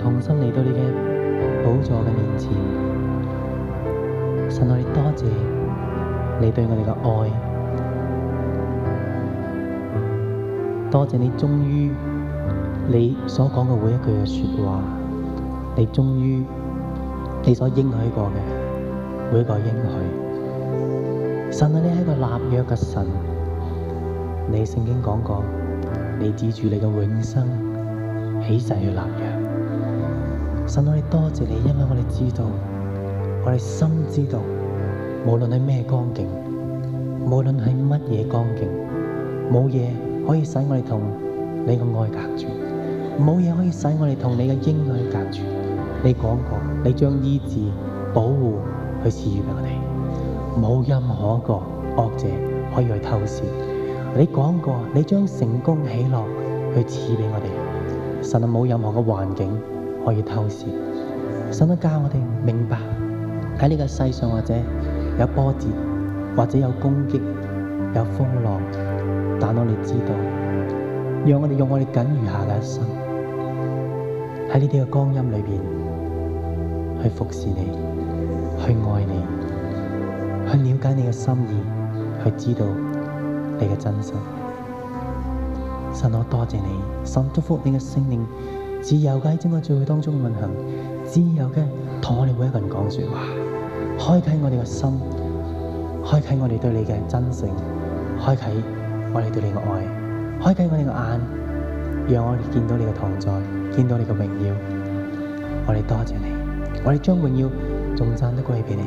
重新嚟到你嘅寶座嘅面前，神，我哋多謝你對我哋嘅愛，多謝你忠於你所講嘅每一句嘅說話，你忠於你所應許過嘅每一個應許，神啊，你係一個立約嘅神，你曾經講過，你指住你嘅永生起誓去立約。神，我哋多謝你，因為我哋知道，我哋深知道，無論係咩光景，無論係乜嘢光景，冇嘢可以使我哋同你嘅愛隔住，冇嘢可以使我哋同你嘅恩愛隔住。你講過，你將醫治、保護去賜予俾我哋，冇任何一個惡者可以去偷竊。你講過，你將成功、喜樂去賜俾我哋。神冇、啊、任何嘅環境。可以透視，神都教我哋明白喺呢個世上，或者有波折，或者有攻擊，有風浪，但我哋知道，讓我哋用我哋僅餘下嘅一生，喺呢啲嘅光陰裏邊，去服侍你，去愛你，去了解你嘅心意，去知道你嘅真心。神，我多謝你，神祝福你嘅生命。自由嘅喺整個聚會當中運行，自由嘅同我哋每一個人講說話，開啟我哋嘅心，開啟我哋對你嘅真誠，開啟我哋對你嘅愛，開啟我哋嘅眼，讓我哋見到你嘅同在，見到你嘅榮耀。我哋多謝你，我哋將榮耀頌讚都歸俾你，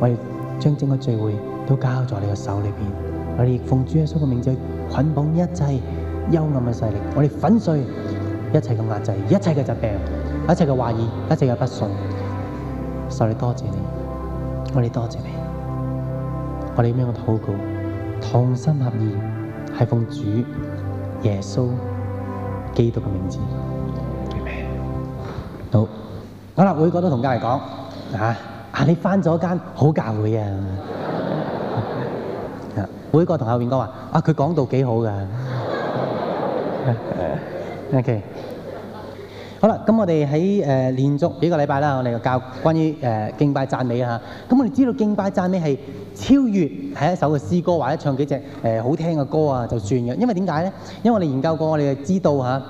我哋將整個聚會都交在你嘅手裏邊。我哋奉主耶穌嘅名字捆綁一切幽暗嘅勢力，我哋粉碎。一切嘅壓制，一切嘅疾病，一切嘅懷疑，一切嘅不順。受你多謝你，我哋多謝你，我哋咁樣嘅禱告，同心合意，係奉主耶穌基督嘅名字。Amen. 好，我啦，每個都同家人講啊啊！你翻咗間好教會啊！每個同後邊講話啊，佢、啊、講到幾好噶。 O.K. 好啦，咁我哋喺誒連續幾個禮拜啦，我哋就教關於誒敬拜讚美啊。咁我哋知道敬拜讚美係超越係一首嘅詩歌，或者唱幾隻誒好聽嘅歌啊，就算嘅。因為點解咧？因為我哋研究過，我哋就知道嚇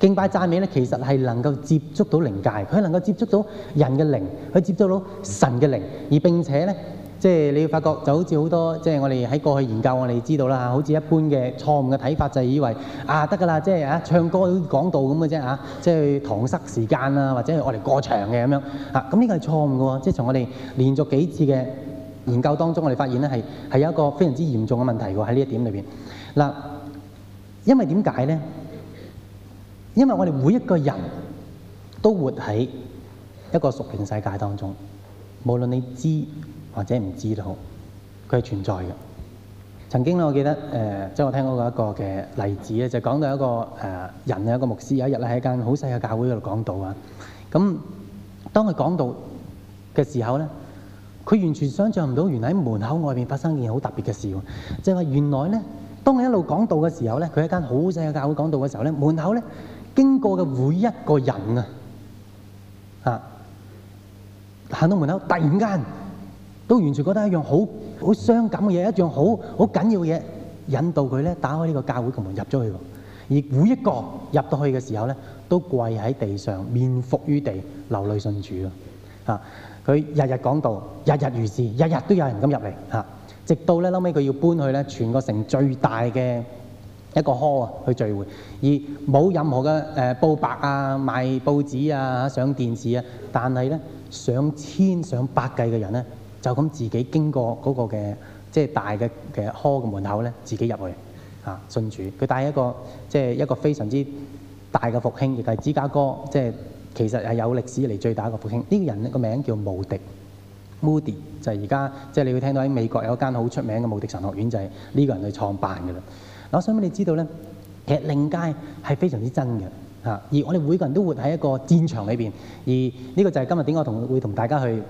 敬拜讚美咧，其實係能夠接觸到靈界，佢能夠接觸到人嘅靈，佢接觸到神嘅靈，而並且咧。即係你會發覺就好似好多，即係我哋喺過去研究，我哋知道啦嚇。好似一般嘅錯誤嘅睇法，就係以為啊得㗎啦，即係啊唱歌好講道咁嘅啫嚇，即係搪塞時間啊，或者用嚟過場嘅咁樣嚇。咁呢個係錯誤嘅喎。即係從我哋連續幾次嘅研究當中，我哋發現咧係係有一個非常之嚴重嘅問題喎喺呢一點裏邊。嗱，因為點解咧？因為我哋每一個人都活喺一個屬靈世界當中，無論你知，或者唔知道佢係存在嘅。曾經咧，我記得誒，即係我聽過一個嘅例子咧，就講到一個誒人啊，一個牧師，有一日咧喺間好細嘅教會嗰度講道啊。咁當佢講道嘅時候咧，佢完全想像唔到，原來喺門口外邊發生一件好特別嘅事喎。即係話原來咧，當佢一路講道嘅時候咧，佢喺間好細嘅教會講道嘅時候咧，門口咧經過嘅每一個人啊啊行到門口，突然間～都完全覺得一樣好好傷感嘅嘢，一樣好好緊要嘅嘢，引導佢咧打開呢個教會嘅門入咗去喎。而每一個入到去嘅時候咧，都跪喺地上，面伏於地，流淚信主啊！佢日日講道，日日如是，日日都有人咁入嚟嚇。直到咧，後屘佢要搬去咧，全個城最大嘅一個 hall 啊，去聚會，而冇任何嘅誒報白啊、賣報紙啊、上電視啊，但係咧上千上百計嘅人咧。就咁自己經過嗰個嘅即係大嘅嘅殼嘅門口咧，自己入去嚇信主。佢帶一個即係、就是、一個非常之大嘅復興，亦係芝加哥即係、就是、其實係有歷史嚟最大一個復興。呢、這個人個名叫無敵 Moody 就係而家即係你會聽到喺美國有一間好出名嘅無敵神學院，就係、是、呢個人去創辦嘅啦。我想俾你知道咧，其實靈界係非常之真嘅嚇，而我哋每個人都活喺一個戰場裏邊，而呢個就係今日點解我會同大家去。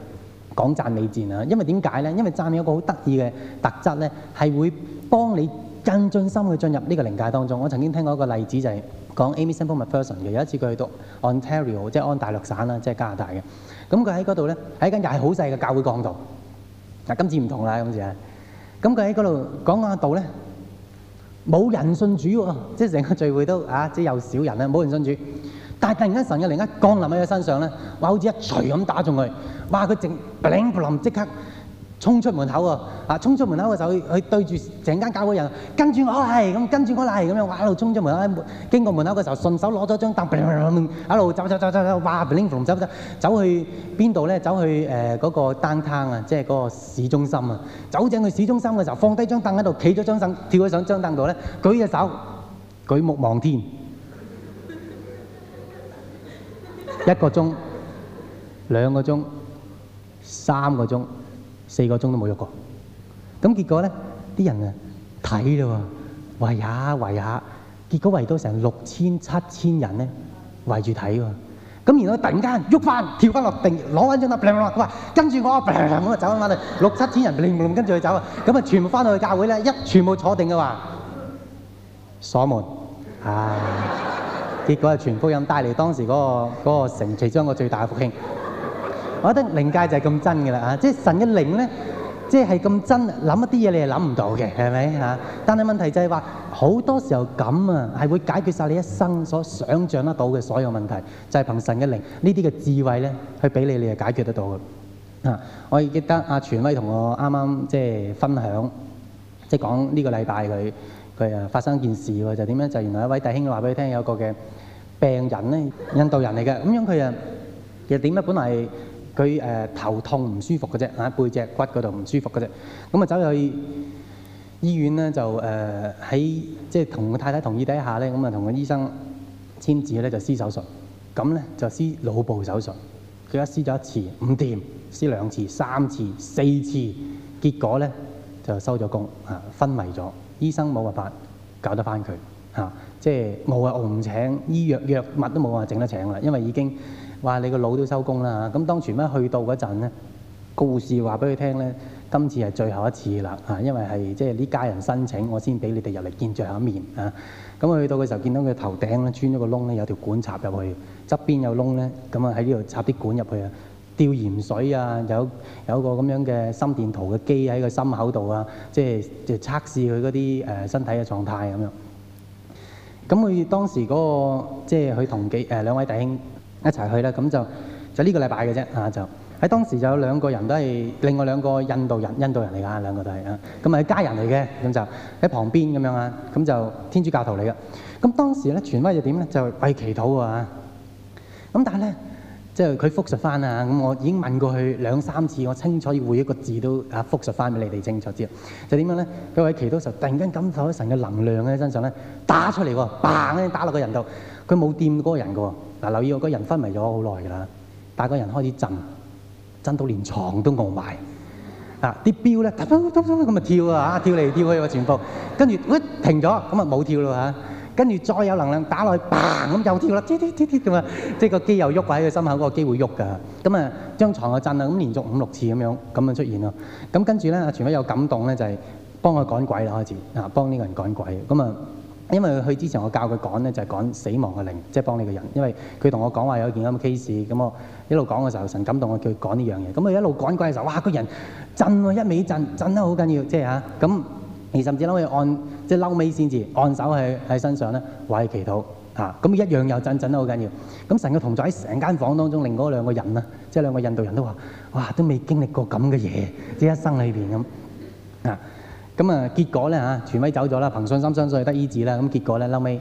講讚美戰啊！因為點解咧？因為讚美有一個好得意嘅特質咧，係會幫你更進心去進入呢個靈界當中。我曾經聽過一個例子就係講 Amy Simpleman Person 嘅。有一次佢去到 Ontario，即係安大略省啦，即係加拿大嘅。咁佢喺嗰度咧，喺間又係好細嘅教會講道。嗱，今次唔同啦，今次係，咁佢喺嗰度講緊阿道咧，冇人信主喎，即係成個聚會都啊，即係有少人啊，冇人信主。但係突然間，神又突然間降臨喺佢身上咧，話好似一錘咁打中佢，話佢直 pling 不林即刻衝出門口喎，啊衝出門口嘅時候，佢佢對住成間教會人，跟住我嚟咁，跟住我嚟咁樣，哇一路衝出門口，經過門口嘅時候，順手攞咗張凳 pling 不林一路走走走走走，哇 pling 不林走走走，走，走，走，走去邊度呢？走去誒嗰、呃那個 down town 啊，即係嗰個市中心啊。走正去市中心嘅時候，放低張凳喺度，企咗張凳，跳咗上張凳度咧，舉隻手，舉目望天。一個鐘、兩個鐘、三個鐘、四個鐘都冇喐過。咁結果咧，啲人啊睇咯喎，圍下圍下，結果圍到成六千七千人咧圍住睇喎。咁然後突然間喐翻，跳翻落定，攞翻張凳，砰砰砰，佢話，跟住我啊，砰砰砰，咁啊走翻翻去，六七千人零零跟住佢走啊。咁啊，全部翻到去教會咧，一全部坐定嘅話，鎖門。啊！結果係全福音帶嚟當時嗰個嗰個城其中一個最大嘅復興，我覺得靈界就係咁真嘅啦嚇，即係神嘅靈咧，即係咁真，諗一啲嘢你係諗唔到嘅，係咪嚇？但係問題就係話好多時候咁啊，係會解決晒你一生所想像得到嘅所有問題，就係憑神嘅靈呢啲嘅智慧咧，去俾你你係解決得到嘅嚇。我記得阿權威同我啱啱即係分享，即係講呢個禮拜佢佢啊發生一件事喎，就點樣就原來一位弟兄話俾你聽有個嘅。病人咧，印度人嚟嘅，咁樣佢啊，其實點啊？本嚟佢誒頭痛唔舒服嘅啫，啊背脊骨嗰度唔舒服嘅啫，咁啊走去醫院咧就誒喺即係同個太太同意底下咧，咁啊同個醫生簽字咧就施手術，咁咧就施腦部手術，佢一施咗一次唔掂，施兩次、三次、四次，結果咧就收咗工啊昏迷咗，醫生冇辦法搞得翻佢嚇。即係我係我唔請，醫藥藥物都冇話整得請啦，因為已經話你個腦都收工啦。咁當全班去到嗰陣咧，高護士話俾佢聽呢，今次係最後一次啦嚇，因為係即係呢家人申請，我先俾你哋入嚟見最後一面啊。咁佢去到嘅時候見到佢頭頂咧穿咗個窿咧，有條管插入去，側邊有窿咧，咁啊喺呢度插啲管入去啊，吊鹽水啊，有有一個咁樣嘅心電圖嘅機喺個心口度啊，即係就測試佢嗰啲誒身體嘅狀態咁樣。咁佢當時嗰、那個即係佢同幾誒兩位弟兄一齊去啦，咁就就呢個禮拜嘅啫啊，就喺當時就有兩個人都係另外兩個印度人，印度人嚟㗎，兩個都係啊，咁咪係家人嚟嘅，咁就喺旁邊咁樣啊，咁就天主教徒嚟嘅。咁當時咧傳威就點咧？就為、哎、祈禱㗎啊！咁但係咧。即係佢複述翻啊！咁我已經問過去兩三次，我清楚要回一個字都啊複述翻俾你哋清楚知啦。就點樣咧？佢喺祈禱嘅時候，突然間感受神嘅能量喺身上咧，打出嚟喎，bang 咧打落個人度，佢冇掂嗰個人嘅喎。嗱，留意我個人昏迷咗好耐㗎啦，但係個人開始震，震到連床都戇埋啊！啲錶咧，咁啊跳啊，跳嚟跳去個全部，跟住喂停咗，咁啊冇跳啦嚇。跟住再有能量打落去嘭咁又跳啦，跌跌跌跌咁啊！即係個機又喐喎，喺佢心口嗰個機會喐㗎。咁、嗯、啊，張床又震啦，咁、嗯、連續五六次咁樣咁樣就出現咯。咁、嗯、跟住咧，阿傳偉有感動咧，就係幫佢趕鬼啦開始。啊，幫呢個人趕鬼。咁、嗯、啊，因為佢之前我教佢趕咧，就趕、是、死亡嘅靈，即係幫呢個人。因為佢同我講話有一件咁嘅 case，咁我一路講嘅時候，神感動我叫佢趕呢樣嘢。咁、嗯、佢一路趕鬼嘅時候，哇！這個人震喎，一味震，震得好緊要，即係嚇咁。啊嗯而甚至可以按，即係嬲尾先至按手喺喺身上咧，為祈禱嚇，咁、啊、一樣又振振都好緊要。咁神嘅同在喺成間房當中，令嗰兩個人啊，即係兩個印度人都話：哇，都未經歷過咁嘅嘢，即係一生裏邊咁啊。咁啊，啊，結果咧嚇、啊，全威走咗啦。憑信心相信得醫治啦。咁、啊、結果咧，嬲尾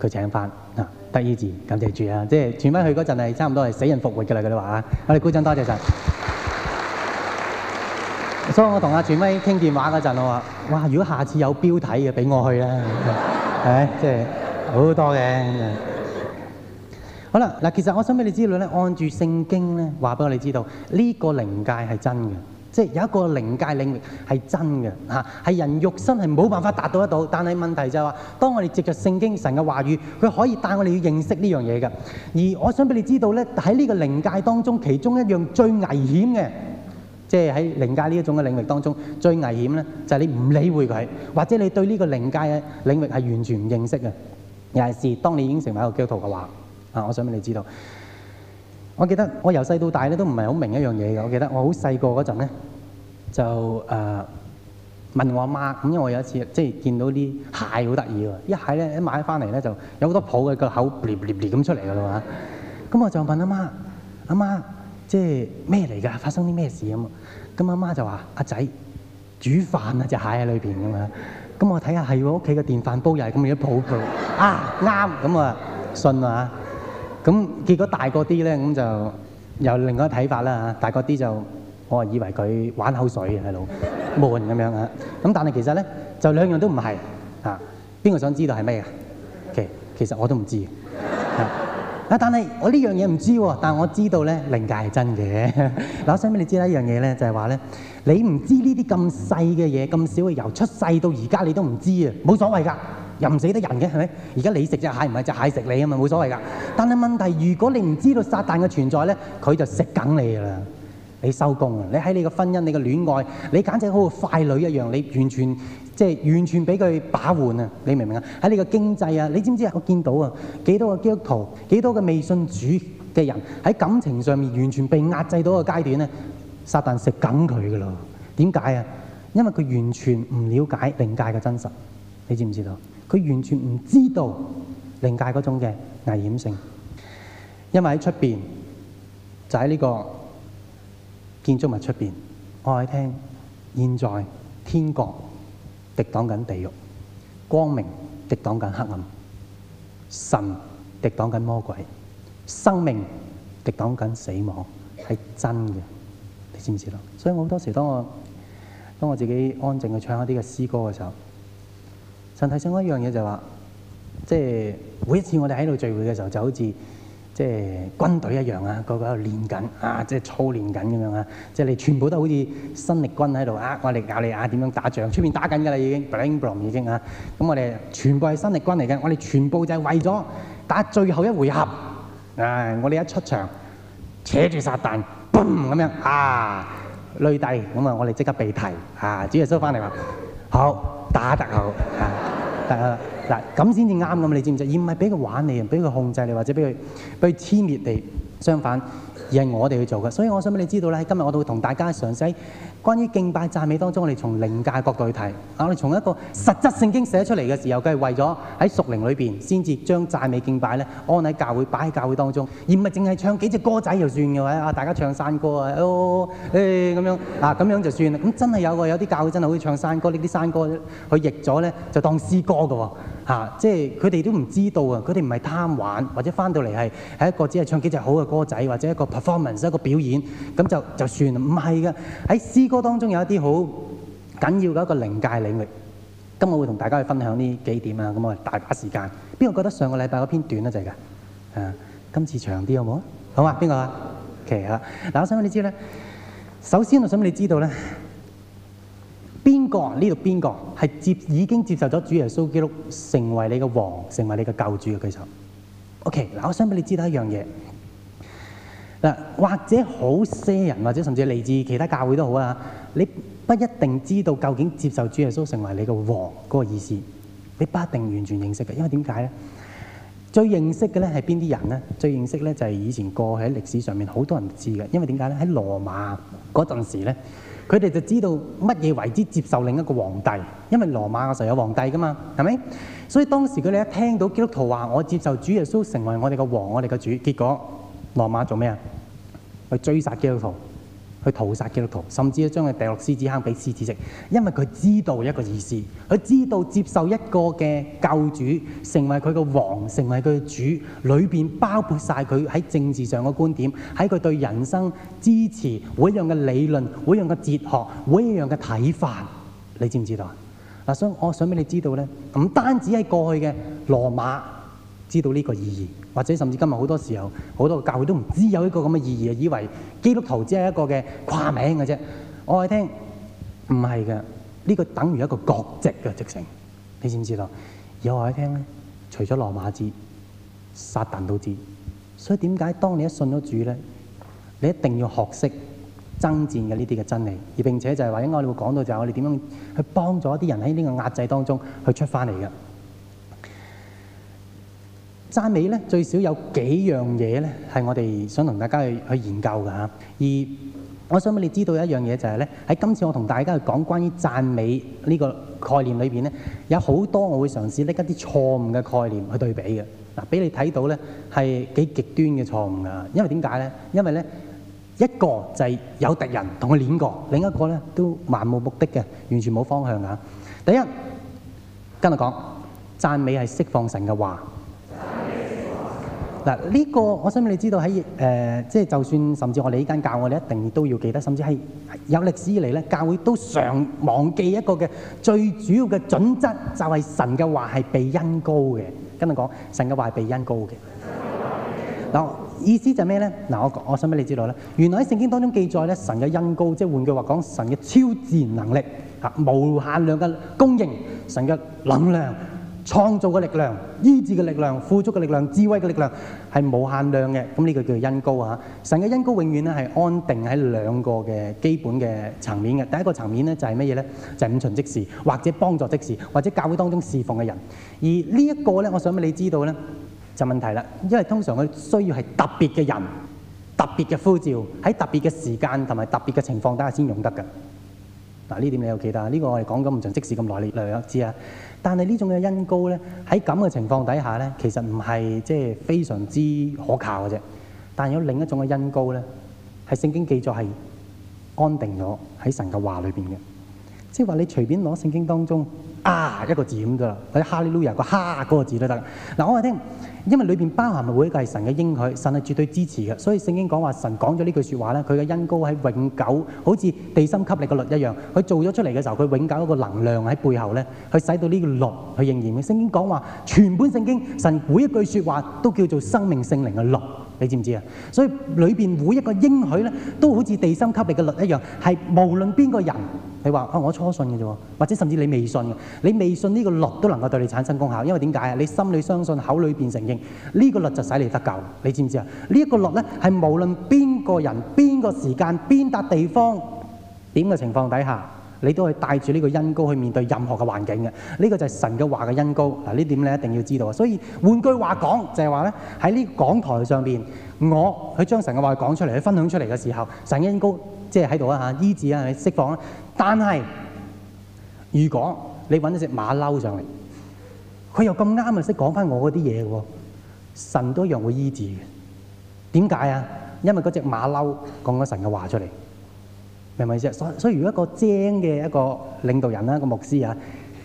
佢請翻啊，得醫治，感謝主啊！即係全威去嗰陣係差唔多係死人復活嘅啦。佢哋話嚇，我哋鼓掌多謝晒。」所以我同阿全威傾電話嗰陣，我話：哇！如果下次有標題嘅，俾我去啦，係咪？即係好多嘅。好啦，嗱，其實我想俾你知道咧，按住聖經咧，話俾我哋知道，呢個靈界係真嘅，即係有一個靈界領域係真嘅嚇，係人肉身係冇辦法達到得到。但係問題就係話，當我哋藉着聖經神嘅話語，佢可以帶我哋去認識呢樣嘢嘅。而我想俾你知道咧，喺呢個靈界當中，其中一樣最危險嘅。即係喺靈界呢一種嘅領域當中，最危險咧就係你唔理會佢，或者你對呢個靈界嘅領域係完全唔認識嘅。尤其是當你已經成為一個基督徒嘅話，啊，我想俾你知道。我記得我由細到大咧都唔係好明一樣嘢嘅。我記得我好細個嗰陣咧，就誒問我阿媽，咁因為我有一次即係見到啲蟹好得意喎，一蟹咧一買翻嚟咧就有好多泡嘅個口出來的，濁濁濁，咁出嚟嘅啦嘛。咁我就問阿媽，阿媽。即係咩嚟㗎？發生啲咩事啊嘛？咁阿媽就話：阿仔煮飯啊，隻蟹喺裏邊㗎嘛。咁我睇下係喎，屋企嘅電飯煲又係咁樣抱佢。啊啱，咁啊信啊。咁結果大個啲咧，咁就又另外一個睇法啦嚇。大個啲就我係以為佢玩口水係佬，悶咁樣啊。咁但係其實咧就兩樣都唔係啊。邊個想知道係咩啊？其其實我都唔知道。 啊！但係我呢樣嘢唔知喎，但係我知道咧，靈界係真嘅。嗱， 我想畀你知咧？一樣嘢咧，就係話咧，你唔知呢啲咁細嘅嘢，咁少嘅由出世到而家，你都唔知啊，冇所謂㗎，又唔死得人嘅係咪？而家你食隻蟹，唔係隻蟹食你啊嘛，冇所謂㗎。但係問題是，如果你唔知道撒旦嘅存在咧，佢就食緊你㗎啦。你收工啊！你喺你嘅婚姻、你嘅戀愛，你簡直好似傀儡一樣，你完全～即係完全俾佢把玩啊！你明唔明啊？喺你個經濟啊，你知唔知啊？我見到啊，幾多個基督徒，幾多個未信主嘅人喺感情上面完全被壓制到個階段咧，撒旦食緊佢噶咯。點解啊？因為佢完全唔了解靈界嘅真實，你知唔知道？佢完全唔知道靈界嗰種嘅危險性，因為喺出邊就喺、是、呢個建築物出邊，我喺聽現在天國。抵擋緊地獄，光明抵擋緊黑暗，神抵擋緊魔鬼，生命抵擋緊死亡，係真嘅，你知唔知咯？所以我好多時候當我當我自己安靜去唱一啲嘅詩歌嘅時候，神提醒我一樣嘢就係話，即係每一次我哋喺度聚會嘅時候，就好似。即係軍隊一樣啊，個個喺度練緊啊，即係操練緊咁樣啊，即係你全部都好似新力軍喺度啊，我哋教你啊，點樣打仗，出面打緊㗎啦已經，boom boom 已經啊，咁我哋全部係新力軍嚟嘅，我哋全部就係為咗打最後一回合啊！我哋一出場，扯住撒旦，嘣 o 咁樣啊，累帝咁啊，我哋即刻被提啊，只係收翻嚟話，好，打得好啊！ 係啊，嗱，咁先至啱咁，你知唔知？而唔係俾佢玩你啊，俾佢控制你，或者俾佢俾佢殲滅你。相反，而係我哋去做嘅。所以我想俾你知道咧，喺今日我哋會同大家詳細。關於敬拜讚美當中，我哋從靈界角度去睇。我哋從一個實質聖經寫出嚟嘅時候，佢係為咗喺屬靈裏邊先至將讚美敬拜咧安喺教會，擺喺教會當中，而唔係淨係唱幾隻歌仔就算嘅，啊，大家唱山歌，哦哎、這啊，哦誒咁樣就算。咁真係有喎，有啲教會真係好似唱山歌，呢啲山歌佢譯咗就當詩歌嘅喎，啊，即係佢哋都唔知道他佢哋唔係貪玩，或者返到嚟係一個只係唱幾隻好嘅歌仔，或者一個 performance 一個表演咁就就算啦。唔係嘅。歌當中有一啲好緊要嘅一個靈界，領域，今日會同大家去分享呢幾點啊。咁我哋大把時間。邊個覺得上個禮拜嗰篇短得滯㗎？誒、啊，今次長啲好唔好啊？好啊，邊個啊？OK 啊，嗱、okay，啊，我想俾你知咧，首先我想俾你知道咧，邊個呢度邊個係接已經接受咗主耶穌基督成為你嘅王，成為你嘅救主嘅舉手。OK，嗱，我想俾你知道一樣嘢。或者好些人，或者甚至嚟自其他教會都好啊，你不一定知道究竟接受主耶穌成為你個王嗰個意思，你不一定完全認識嘅。因為點解咧？最認識嘅咧係邊啲人咧？最認識咧就係以前過去喺歷史上面好多人知嘅，因為點解咧？喺羅馬嗰陣時咧，佢哋就知道乜嘢為之接受另一個皇帝，因為羅馬嘅時候有皇帝噶嘛，係咪？所以當時佢哋一聽到基督徒話我接受主耶穌成為我哋個王，我哋個主，結果。羅馬做咩啊？去追殺基督徒，去屠殺基督徒，甚至咧將佢掉落獅子坑俾獅子食。因為佢知道一個意思，佢知道接受一個嘅救主，成為佢個王，成為佢嘅主，裏邊包括晒佢喺政治上嘅觀點，喺佢對人生支持每一樣嘅理論，每一樣嘅哲學，每一樣嘅睇法，你知唔知道啊？嗱，所以我想俾你知道咧，唔單止係過去嘅羅馬知道呢個意義。或者甚至今日好多時候，好多個教會都唔知有呢個咁嘅意義啊！以為基督徒只係一個嘅跨名嘅啫。我話你聽唔係嘅，呢個等於一個國籍嘅直程，你知唔知道？有我話你聽咧，除咗羅馬字，撒旦都知。所以點解當你一信咗主咧，你一定要學識爭戰嘅呢啲嘅真理，而並且就係話，應該我哋會講到就係我哋點樣去幫助一啲人喺呢個壓制當中去出翻嚟嘅。讚美最少有幾樣嘢呢係我哋想同大家去去研究㗎。而我想俾你知道有一樣嘢就係呢，喺今次我同大家去講關於讚美呢個概念裏面，呢有好多我會嘗試拎一啲錯誤嘅概念去對比嘅。嗱，俾你睇到呢係幾極端嘅錯誤㗎。因為點解呢？因為一個就係有敵人同佢攣過，另一個呢都漫無目，目的嘅，完全冇方向㗎。第一，跟我講，讚美係釋放神嘅話。嗱，呢個我想俾你知道喺誒，即係就算甚至我哋呢間教會，我哋一定都要記得，甚至係有歷史以嚟咧，教會都常忘記一個嘅最主要嘅準則，就係神嘅話係被恩高嘅。跟你講，神嘅話係被恩高嘅。嗱，意思就咩咧？嗱，我我想俾你知道咧，原來喺聖經當中記載咧，神嘅恩高，即係換句話講，神嘅超自然能力嚇，無限量嘅供應，神嘅能量。創造嘅力量、醫治嘅力量、富足嘅力量、智慧嘅力量係無限量嘅。咁呢個叫做恩膏。啊！神嘅恩膏永遠咧係安定喺兩個嘅基本嘅層面嘅。第一個層面咧就係乜嘢咧？就係五重職事，或者幫助職事，或者教會當中侍奉嘅人。而這呢一個咧，我想俾你知道咧，就是、問題啦。因為通常佢需要係特別嘅人、特別嘅呼召，喺特別嘅時間同埋特別嘅情況底下先用得㗎。嗱、啊，呢點你有記得？呢、這個我哋講緊五重職事咁耐，你又有知啊？但係呢種嘅音高咧，喺咁嘅情況底下咧，其實唔係即係非常之可靠嘅啫。但有另一種嘅音高咧，係聖經記載係安定咗喺神嘅話裏邊嘅。即係話你隨便攞聖經當中啊一個字咁㗎啦，或者哈利路亞個哈嗰、那個字都得。嗱，我嚟聽。因為裏面包含每一個係神嘅應許，神係絕對支持嘅，所以聖經講話神講咗呢句説話咧，佢嘅恩高係永久，好似地心吸力嘅律一樣。佢做咗出嚟嘅時候，佢永久嗰個能量喺背後咧，去使到呢個律去應驗。聖經講話全本聖經，神每一句説話都叫做生命聖靈嘅律。你知唔知啊？所以裏面每一個應許呢，都好似地心吸力嘅律一樣，係無論邊個人，你話、啊、我初信嘅啫喎，或者甚至你未信嘅，你未信呢個律都能夠對你產生功效，因為點解啊？你心裏相信，口裏邊承認，呢、這個律就使你得救。你知唔知啊？呢、這、一個律咧，係無論邊個人、邊個時間、邊笪地方、點嘅情況底下。你都係帶住呢個恩膏去面對任何嘅環境嘅，呢個就係神嘅話嘅恩膏，嗱，呢點你一定要知道啊！所以換句話講，就係話咧，喺呢講台上邊，我去將神嘅話講出嚟，分享出嚟嘅時候，神嘅恩膏即係喺度啊！哈，醫治啊，釋放啊！但係如果你揾咗隻馬騮上嚟，佢又咁啱啊，識講翻我嗰啲嘢喎，神都一樣會醫治嘅。點解啊？因為嗰隻馬騮講咗神嘅話出嚟。係咪先？所以所以，如果一個精嘅一個領導人啦，個牧師啊，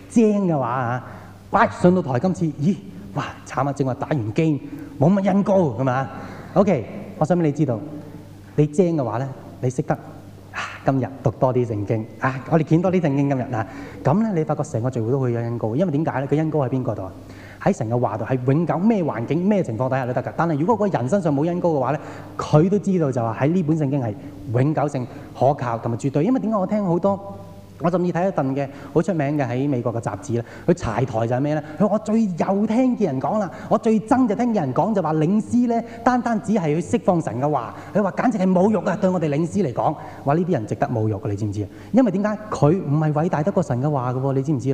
精嘅話啊，喂！上到台今次，咦？哇！慘啊！正話打完經，冇乜恩膏，係咪啊？OK，我想俾你知道，你精嘅話咧，你識得啊，今日讀多啲聖經啊，我哋見多啲聖經今日嗱，咁咧你發覺成個聚會都會有恩膏，因為點解咧？佢恩膏喺邊個度啊？喺神嘅話度，係永久，咩環境咩情況底下都得㗎。但係如果個人身上冇恩膏嘅話咧，佢都知道，就話喺呢本聖經係永久性、可靠同埋絕對。因為點解我聽好多？我甚至睇咗一段嘅好出名嘅喺美國嘅雜誌咧，佢柴台就係咩呢？佢我最又聽的人講，我最憎就聽的人講就話領師呢，單單只係去釋放神嘅話。佢話簡直係侮辱啊，對我哋領師嚟講，話呢啲人值得侮辱嘅，你知唔知啊？因為點解佢唔係偉大得過神嘅話喎？你知唔知？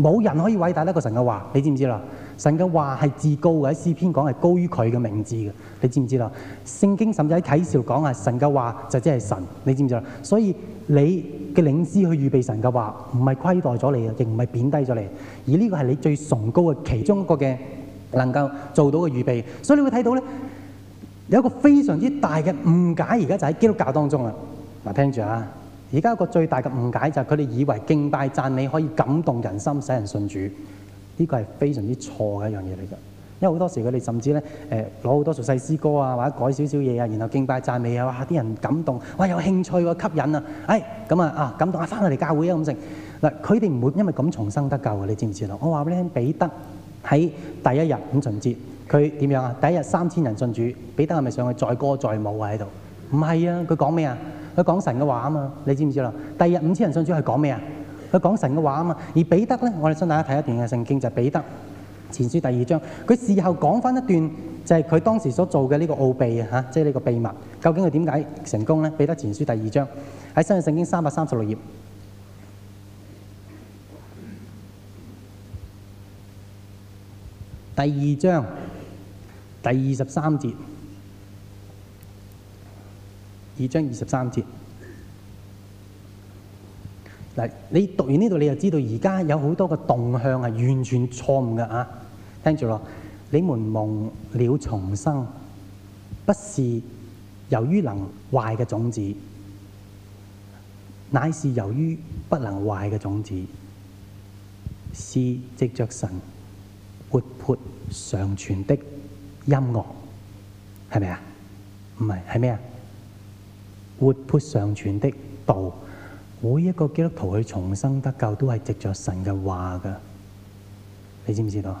冇人可以偉大得過神嘅話，你知唔知？神嘅話係至高嘅，喺詩篇講係高於佢嘅名字，你知唔知啦？聖經甚至喺啟示講，神嘅話就即係神，你知唔知？所以。你嘅領詩去預備神嘅話，唔係虧待咗你啊，亦唔係貶低咗你。而呢個係你最崇高嘅其中一個嘅能夠做到嘅預備。所以你會睇到咧，有一個非常之大嘅誤解而家就喺基督教當中啊。嗱，聽住啊，而家一個最大嘅誤解就係佢哋以為敬拜讚美可以感動人心，使人信主。呢個係非常之錯嘅一樣嘢嚟嘅。因為好多時佢哋甚至咧，誒攞好多俗世詩歌啊，或者改少少嘢啊，然後敬拜讚美啊，哇！啲人感動，哇！有興趣喎，吸引、哎、啊，誒咁啊，啊感動啊，翻落嚟教會啊咁成。嗱，佢哋唔會因為咁重生得救嘅，你知唔知道？我話俾你聽，彼得喺第一日五旬節，佢點樣啊？第一日三千人信主，彼得係咪上去載歌載舞啊？喺度？唔係啊，佢講咩啊？佢講神嘅話啊嘛，你知唔知道？第二日五千人信主係講咩啊？佢講神嘅話啊嘛。而彼得咧，我哋想大家睇一段嘅聖經就係、是、彼得。前書第二章，佢事後講返一段，就係佢當時所做嘅呢個奧秘啊，嚇，即係呢個秘密，究竟佢點解成功呢？彼得前書第二章，喺新約聖經三百三十六頁，第二章第二十三節，二章二十三節。你讀完呢度，你就知道而家有好多個動向係完全錯誤嘅啊！聽住咯，你們蒙了重生，不是由於能壞嘅種子，乃是由於不能壞嘅種子，是藉著神活潑常存的音樂，係咪啊？唔係，係咩啊？活潑常存的道。每一個基督徒去重生得救都係藉著神嘅話噶，你知唔知道？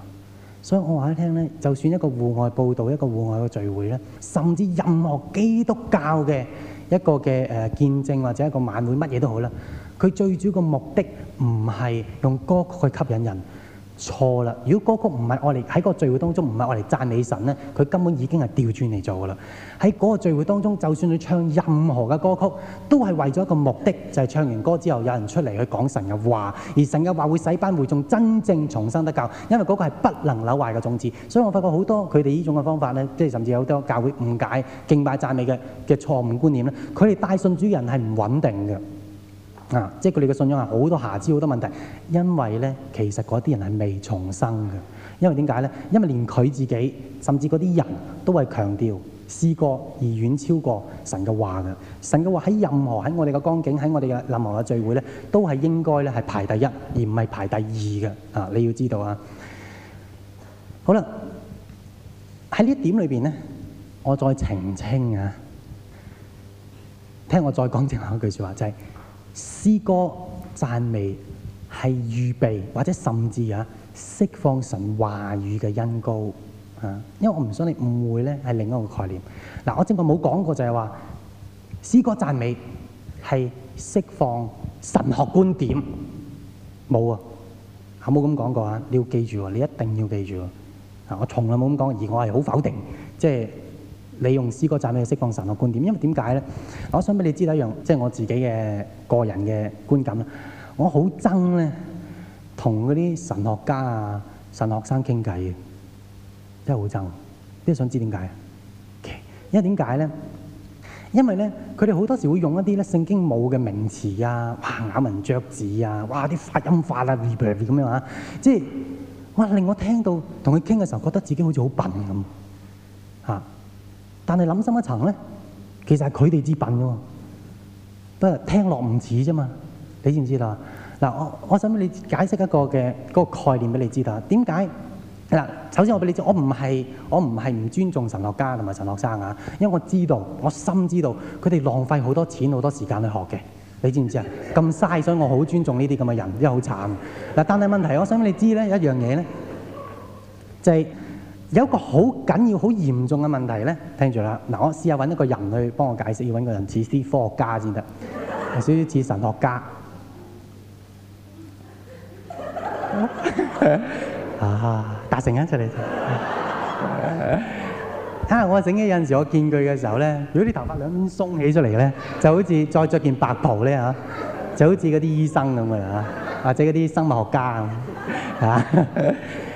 所以我話你聽咧，就算一個戶外報道、一個戶外嘅聚會咧，甚至任何基督教嘅一個嘅誒見證或者一個晚會乜嘢都好啦，佢最主要嘅目的唔係用歌曲去吸引人。錯啦！如果歌曲唔係我哋喺嗰個聚會當中，唔係我哋讚美神呢，佢根本已經係調轉嚟做噶啦。喺嗰個聚會當中，就算你唱任何嘅歌曲，都係為咗一個目的，就係、是、唱完歌之後有人出嚟去講神嘅話，而神嘅話會使班會眾真正重生得救，因為嗰個係不能扭壞嘅種子。所以我發覺好多佢哋呢種嘅方法呢，即係甚至有好多教會誤解敬拜讚美嘅嘅錯誤觀念咧，佢哋帶信主人係唔穩定嘅。啊，即係佢哋嘅信仰係好多瑕疵，好多問題，因為咧，其實嗰啲人係未重生嘅。因為點解咧？因為連佢自己，甚至嗰啲人都係強調試過而遠超過神嘅話嘅。神嘅話喺任何喺我哋嘅光景，喺我哋嘅任何嘅聚會咧，都係應該咧係排第一，而唔係排第二嘅。啊，你要知道啊。好啦，喺呢一點裏邊咧，我再澄清啊。聽我再講正下一句説話，就係、是。詩歌讚美係預備或者甚至啊釋放神話語嘅因高啊，因為我唔想你誤會咧係另一個概念。嗱，我正確冇講過就係話詩歌讚美係釋放神學觀點，冇啊，係冇咁講過啊！你要記住，啊，你一定要記住啊！我從來冇咁講，而我係好否定，即係。你用詩歌讚美釋放神學觀點，因為點解咧？我想俾你知道一樣，即係我自己嘅個人嘅觀感啦。我好憎咧，同嗰啲神學家啊、神學生傾偈嘅，真係好憎。即係想知點解？因為點解咧？因為咧，佢哋好多時會用一啲咧聖經冇嘅名詞啊，哇咬文嚼字啊，哇啲發音法啊 repeat 咁樣啊，即係哇令我聽到同佢傾嘅時候，覺得自己好似好笨咁嚇。但係諗深一層咧，其實係佢哋之笨嘅喎，聽，不過聽落唔似啫嘛，你知唔知啦？嗱，我我想俾你解釋一個嘅嗰個、那個、概念俾你知道，點解嗱？首先我俾你知道，我唔係我唔係唔尊重神學家同埋神學生啊，因為我知道我深知道佢哋浪費好多錢好多時間去學嘅，你知唔知啊？咁嘥，所以我好尊重呢啲咁嘅人，因為好慘。嗱，但係問題，我想俾你知咧一樣嘢咧，就係、是。有一個好緊要、好嚴重嘅問題咧，聽住啦。嗱，我試下揾一個人去幫我解釋，要揾個人似啲科學家先得， 有少少似神學家。 啊，打成、啊、出嚟睇下。我整嘅有陣時，我見佢嘅時候咧，如果啲頭髮兩邊鬆起出嚟咧，就好似再着件白袍咧嚇、啊，就好似嗰啲醫生咁樣啊，或者嗰啲生物學家 啊。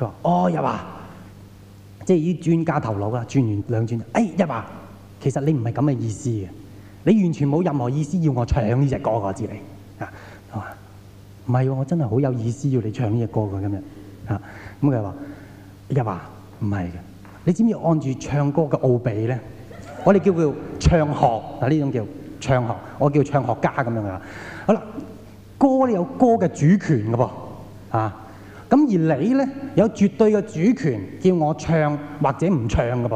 佢話：哦，日華！即係啲專家頭腦啊，轉完兩轉，哎，日華！其實你唔係咁嘅意思嘅，你完全冇任何意思要我唱呢隻歌個字嚟啊，係嘛？唔係喎，我真係好有意思要你唱呢隻歌嘅今日啊！咁佢話：日華，唔係嘅，你知唔知按住唱歌嘅奧秘咧？我哋叫佢唱學，嗱呢種叫唱學，我叫唱學家咁樣啊！好啦，歌你有歌嘅主權嘅噃啊！咁而你呢，有絕對嘅主權，叫我唱或者唔唱噃。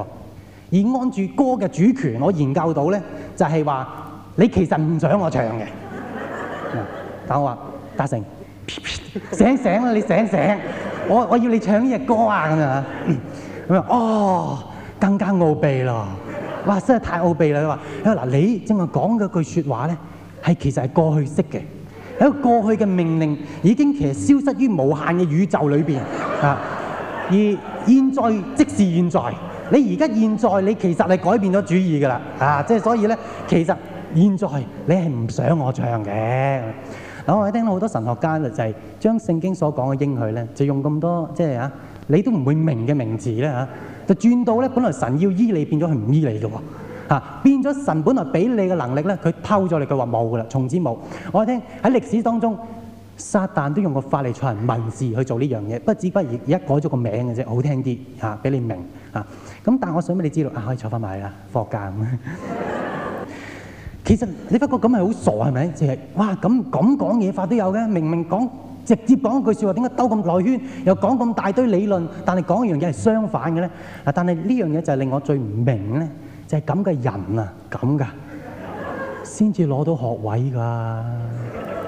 而按住歌嘅主權，我研究到咧，就係話，你其實唔想我唱嘅。但 我話達成，醒醒，你醒醒，我，我要你唱呢隻歌啊咁樣、嗯、哦，更加奧秘咯。哇，真係太奧秘啦！佢話，你正話講嘅句説話咧，係其實係過去式嘅。喺個過去嘅命令已經其實消失於無限嘅宇宙裏邊啊！ 而現在，即是現在，你而家現在，現在你其實係改變咗主意噶啦啊！即係所以咧，其實現在你係唔想我唱嘅。嗱，我聽到好多神學家就係將聖經所講嘅應許咧，就用咁多即係啊，你都唔會明嘅名字咧嚇，就轉到咧，本來神要醫你變咗佢唔醫你嘅喎。嚇，變咗神，本來俾你嘅能力咧，佢偷咗你，佢話冇噶啦，從此冇。我聽喺歷史當中，撒旦都用個法嚟藏文字去做呢樣嘢，不只不而而家改咗個名嘅啫，好聽啲嚇，俾你明嚇。咁但係我想俾你知道，啊，可以坐翻埋啦，放假咁。其實你不覺咁係好傻係咪？就係哇咁咁講嘢法都有嘅，明明講直接講一句説話，點解兜咁耐圈，又講咁大堆理論，但係講一樣嘢係相反嘅咧？啊！但係呢樣嘢就係令我最唔明咧。就係咁嘅人啊，咁噶，先至攞到學位噶，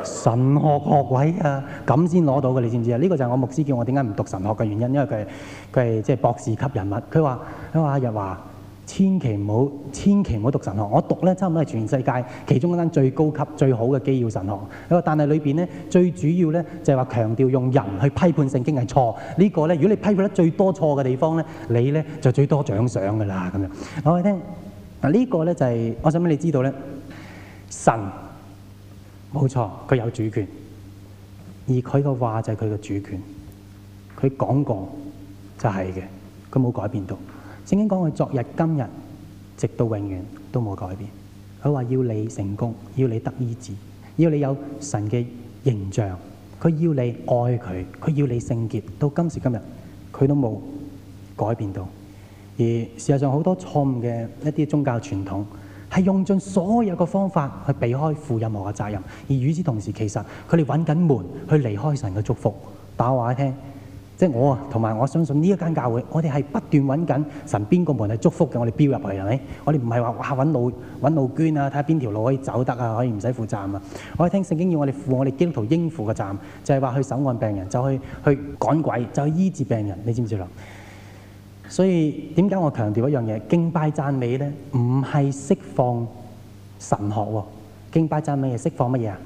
神學學位啊，咁先攞到嘅，你知唔知啊？呢個就係我牧師叫我點解唔讀神學嘅原因，因為佢係博士級人物。佢話：佢話日華。千祈唔好，千祈唔好讀神學。我讀咧，差唔多係全世界其中一間最高級、最好嘅基要神學。不過，但係裏邊咧最主要咧就係話強調用人去批判聖經係錯。呢個咧，如果你批判得最多錯嘅地方咧，你咧就最多獎賞㗎啦。咁樣，我哋聽嗱，呢個咧就係我想俾你知道咧，神冇錯，佢有主權，而佢嘅話就係佢嘅主權，佢講過就係嘅，佢冇改變到。聖經講佢昨日今日直到永遠都冇改變，佢話要你成功，要你得醫治，要你有神嘅形象，佢要你愛佢，佢要你聖潔，到今時今日佢都冇改變到。而事實上好多錯誤嘅一啲宗教傳統，係用盡所有嘅方法去避開負任何嘅責任，而與此同時其實佢哋揾緊門去離開神嘅祝福。打話聽。即係我啊，同埋我相信呢一間教會，我哋係不斷揾緊神邊個門係祝福嘅，我哋飆入去係咪？我哋唔係話哇，揾路揾路捐啊，睇下邊條路可以走得啊，可以唔使負責啊。我哋聽聖經要我哋負我哋基督徒應負嘅責任，就係話去守岸病人，就去去趕鬼，就去醫治病人。你知唔知啦？所以點解我強調一樣嘢？敬拜讚美咧，唔係釋放神學喎，敬拜讚美係釋放乜嘢啊？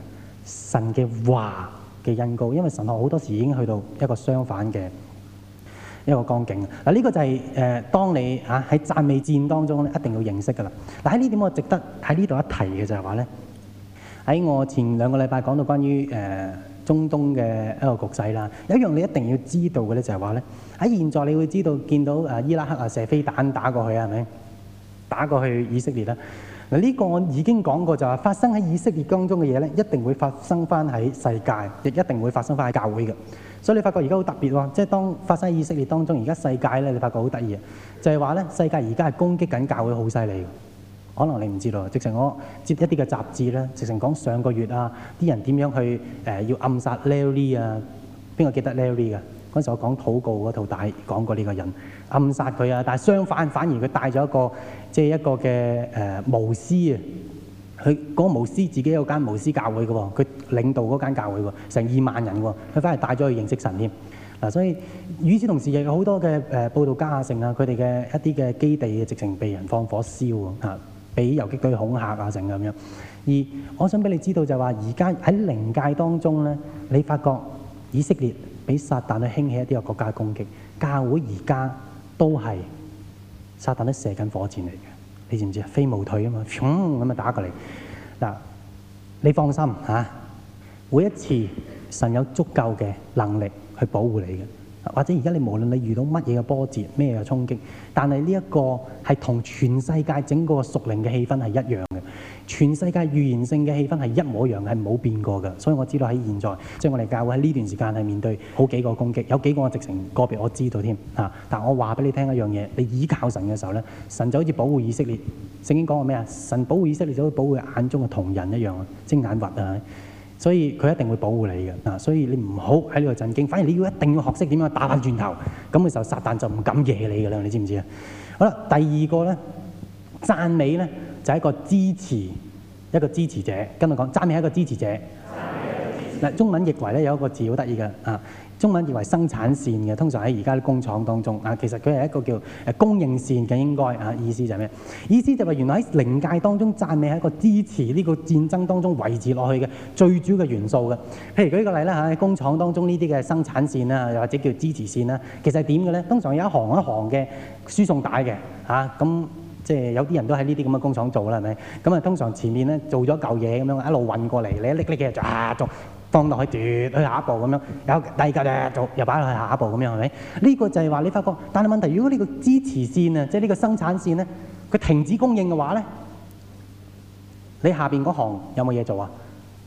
神嘅話。嘅印告，因為神學好多時已經去到一個相反嘅一個光景了。嗱，呢個就係、是、誒、呃，當你嚇喺讚美戰當中咧，一定要認識噶啦。但喺呢點我值得喺呢度一提嘅就係話咧，喺我前兩個禮拜講到關於誒、呃、中東嘅一個局勢啦。有一樣你一定要知道嘅咧，就係話咧，喺現在你會知道見到誒伊拉克啊射飛彈打過去啊，係咪打過去以色列咧？嗱、這、呢個我已經講過，就係發生喺以色列當中嘅嘢咧，一定會發生翻喺世界，亦一定會發生翻喺教會嘅。所以你發覺而家好特別喎，即係當發生喺以色列當中，而家世界咧，你發覺好得意啊，就係話咧，世界而家係攻擊緊教會，好犀利。可能你唔知道，直情我接一啲嘅雜誌咧，直情講上個月啊，啲人點樣去誒、呃、要暗殺 Larry 啊？邊個記得 Larry 嘅？嗰陣時我講禱告嗰套帶講過呢個人暗殺佢啊，但係相反反而佢帶咗一個即係一個嘅誒、呃、巫師啊，佢嗰、那個巫師自己有一間巫師教會嘅喎，佢領導嗰間教會喎，成二萬人嘅喎，佢反而帶咗去認識神添嗱，所以與此同時亦有好多嘅誒、呃、報道家啊成啊，佢哋嘅一啲嘅基地直情被人放火燒啊，嚇俾遊擊隊恐嚇啊，成咁樣。而我想俾你知道就話而家喺靈界當中咧，你發覺以色列。喺撒旦去興起一啲嘅國家攻擊教會而家都係撒旦都射緊火箭嚟嘅，你知唔知啊？飛毛腿啊嘛，嗯咁啊打過嚟嗱，你放心吓，每一次神有足夠嘅能力去保護你嘅，或者而家你無論你遇到乜嘢嘅波折、咩嘢嘅衝擊，但係呢一個係同全世界整個屬靈嘅氣氛係一樣嘅。全世界預言性嘅氣氛係一模一樣，係冇變過嘅，所以我知道喺現在，即係我哋教會喺呢段時間係面對好幾個攻擊，有幾個我直情個別我知道添啊。但我話俾你聽一樣嘢，你倚靠神嘅時候咧，神就好似保護以色列，聖經講過咩啊？神保護以色列就好似保護眼中嘅瞳人一樣啊，即眼核啊！所以佢一定會保護你嘅嗱。所以你唔好喺呢度震驚，反而你要一定要學識點樣打翻轉頭，咁嘅時候撒旦就唔敢惹你噶啦，你知唔知啊？好啦，第二個咧，讚美咧。就係、是、一個支持，一個支持者，今日講讚美係一個支持者。嗱，中文譯為咧有一個字好得意嘅啊，中文譯為生產線嘅，通常喺而家啲工廠當中啊，其實佢係一個叫誒供應線嘅應該啊，意思就係咩？意思就係話原來喺靈界當中，讚美係一個支持呢個戰爭當中維持落去嘅最主要嘅元素嘅。譬如舉個例啦嚇，喺工廠當中呢啲嘅生產線啊，又或者叫支持線啦，其實係點嘅咧？通常有一行一行嘅輸送帶嘅啊，咁。即係有啲人都喺呢啲咁嘅工廠做啦，係咪？咁啊，通常前面咧做咗嚿嘢咁樣，一路運過嚟，你一拎拎嘅就啊，就放落去，跌去下一步咁樣。有第二嚿、啊、又擺落去下一步咁樣，係咪？呢、呢個就係話你發覺，但係問題如果呢個支持線啊，即係呢個生產線咧，佢停止供應嘅話咧，你下邊嗰行有冇嘢做啊？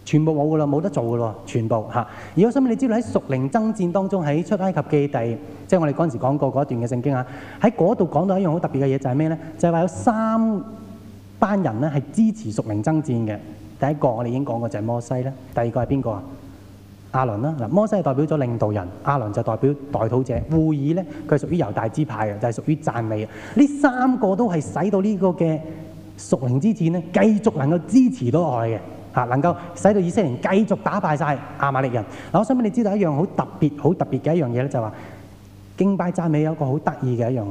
全部冇噶啦，冇得做㗎喇，全部如、啊、而我想畀你知道喺屬靈爭戰當中，喺出埃及記地，即、就、係、是、我哋嗰陣時講過嗰一段嘅聖經啊，喺嗰度講到一樣好特別嘅嘢，就係、是、咩呢？就係、是、話有三班人咧係支持屬靈爭戰嘅。第一個我哋已經講過就係摩西啦，第二個係邊個？亞倫啦、啊。摩西係代表咗領導人，亞倫就代表代禱者，戶珥呢，佢係屬於猶大支派嘅，就係、是、屬於讚美啊。呢三個都係使到呢個嘅屬靈之戰呢，繼續能夠支持到佢嘅。啊，能夠使到以色列人繼續打敗曬亞瑪力人。我想俾你知道一樣好特別、好特別嘅一，、就是、一,一樣嘢咧，就話敬拜讚美有個好得意嘅一樣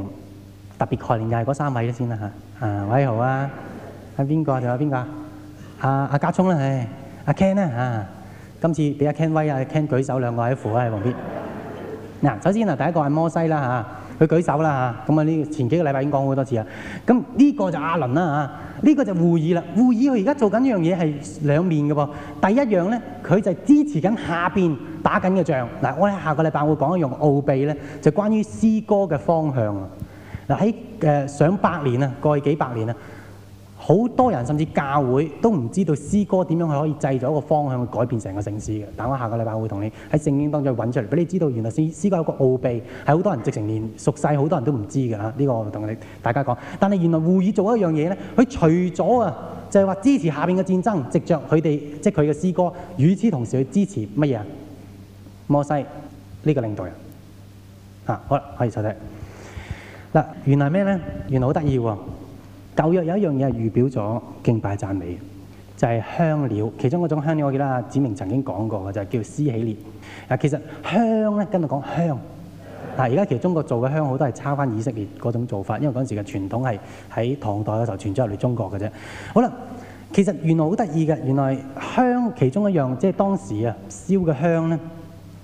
特別概念，就係嗰三位先啦嚇。啊，威豪啊，係邊個？仲、啊、有邊個、啊？阿、啊、阿家聰啦、啊，唉，阿、啊、Ken 咧、啊、嚇、啊。今次俾阿 Ken 威啊，Ken 舉手兩個喺扶啊，喺旁邊。嗱、啊，首先啊，第一個係摩西啦嚇。啊佢舉手啦嚇，咁啊呢前幾個禮拜已經講好多次啊，咁、這、呢個就亞倫啦嚇，呢、這個就護爾啦，護爾佢而家做緊一樣嘢係兩面嘅噃，第一樣咧佢就支持緊下邊打緊嘅仗，嗱我喺下個禮拜會講一樣奧秘咧，就是、關於詩歌嘅方向啊，嗱喺誒上百年啊，過去幾百年啊。好多人甚至教會都唔知道詩歌點樣去可以製造一個方向去改變成個城市嘅。等我下個禮拜會同你喺聖經當中揾出嚟，俾你知道原來詩詩歌有個奧秘係好多人直情連熟晒好多人都唔知嘅嚇。呢個我同你大家講。但係原來戶珥做一樣嘢咧，佢除咗啊就係話支持下邊嘅戰爭，直着佢哋即係佢嘅詩歌，與此同時去支持乜嘢？摩西呢個領導人啊，好喇，可以坐低。嗱、啊，原來咩咧？原來好得意喎！舊約有一樣嘢係預表咗敬拜讚美就係、是、香料。其中嗰種香料，我記得阿子明曾經講過嘅，就係、是、叫施喜列。嗱，其實香咧，跟住講香。但而家其實中國做嘅香，好多係抄翻以色列嗰種做法，因為嗰陣時嘅傳統係喺唐代嘅時候傳咗入嚟中國嘅啫。好啦，其實原來好得意嘅，原來香其中一樣，即、就、係、是、當時啊燒嘅香咧，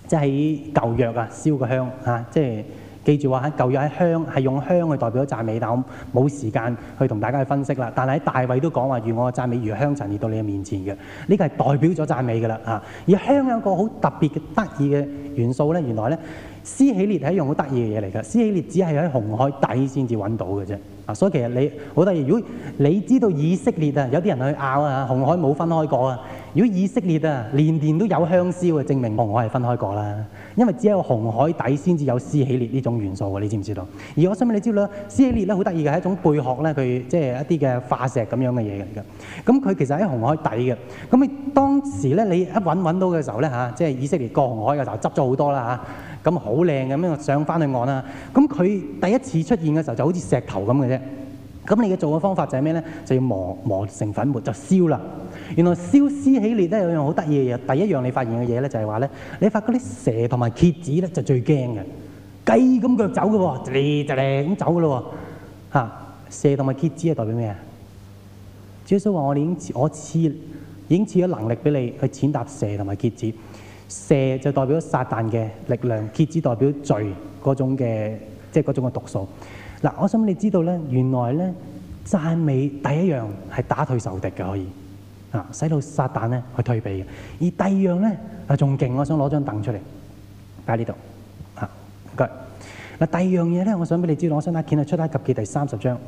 即係喺舊約啊燒嘅香吓，即係。記住話喺舊約喺香係用香去代表咗讚美，但我冇時間去同大家去分析啦。但係喺大衛都講話，願我嘅讚美如香陳列到你嘅面前嘅，呢個係代表咗讚美㗎啦嚇。而香有一個好特別嘅得意嘅元素咧，原來咧施喜列係一樣好得意嘅嘢嚟㗎，施喜列只係喺紅海底先至揾到嘅啫。所以其實你好得意，如果你知道以色列啊，有啲人去拗啊，紅海冇分開過啊。如果以色列啊，年年都有香燒啊，證明紅海係分開過啦。因為只有紅海底先至有絲起列呢種元素喎，你知唔知道？而我想問你知唔知咧？絲起列咧好得意嘅係一種貝殼咧，佢即係一啲嘅化石咁樣嘅嘢嚟嘅。咁佢其實喺紅海底嘅。咁你當時咧，你一揾揾到嘅時候咧嚇，即係以色列過紅海嘅時候執咗好多啦嚇。咁好靚，咁樣上翻去岸啦。咁佢第一次出現嘅時候就好似石頭咁嘅啫。咁你嘅做嘅方法就係咩咧？就要磨磨成粉末，就燒啦。原來燒屍起列咧，有樣好得意嘅嘢。第一樣你發現嘅嘢咧，就係話咧，你發覺啲蛇同埋蠍子咧就最驚嘅，雞咁腳走嘅喎，就唎就唎咁走嘅咯喎。嚇，蛇同埋蠍子係代表咩啊？耶穌話，我已經我賜已經賜咗能力俾你去踐踏蛇同埋蠍子。蛇就代表撒但嘅力量，蠍子代表罪嗰種嘅，即係嗰種嘅毒素。嗱、啊，我想你知道咧，原來咧讚美第一樣係打退仇敵嘅，可以啊，使到撒但咧去退避嘅。而第二樣咧啊，仲勁，我想攞張凳出嚟擺喺呢度嚇。唔該，嗱、啊啊、第二樣嘢咧，我想俾你知道，我想睇《出埃及記》看一看第三十章。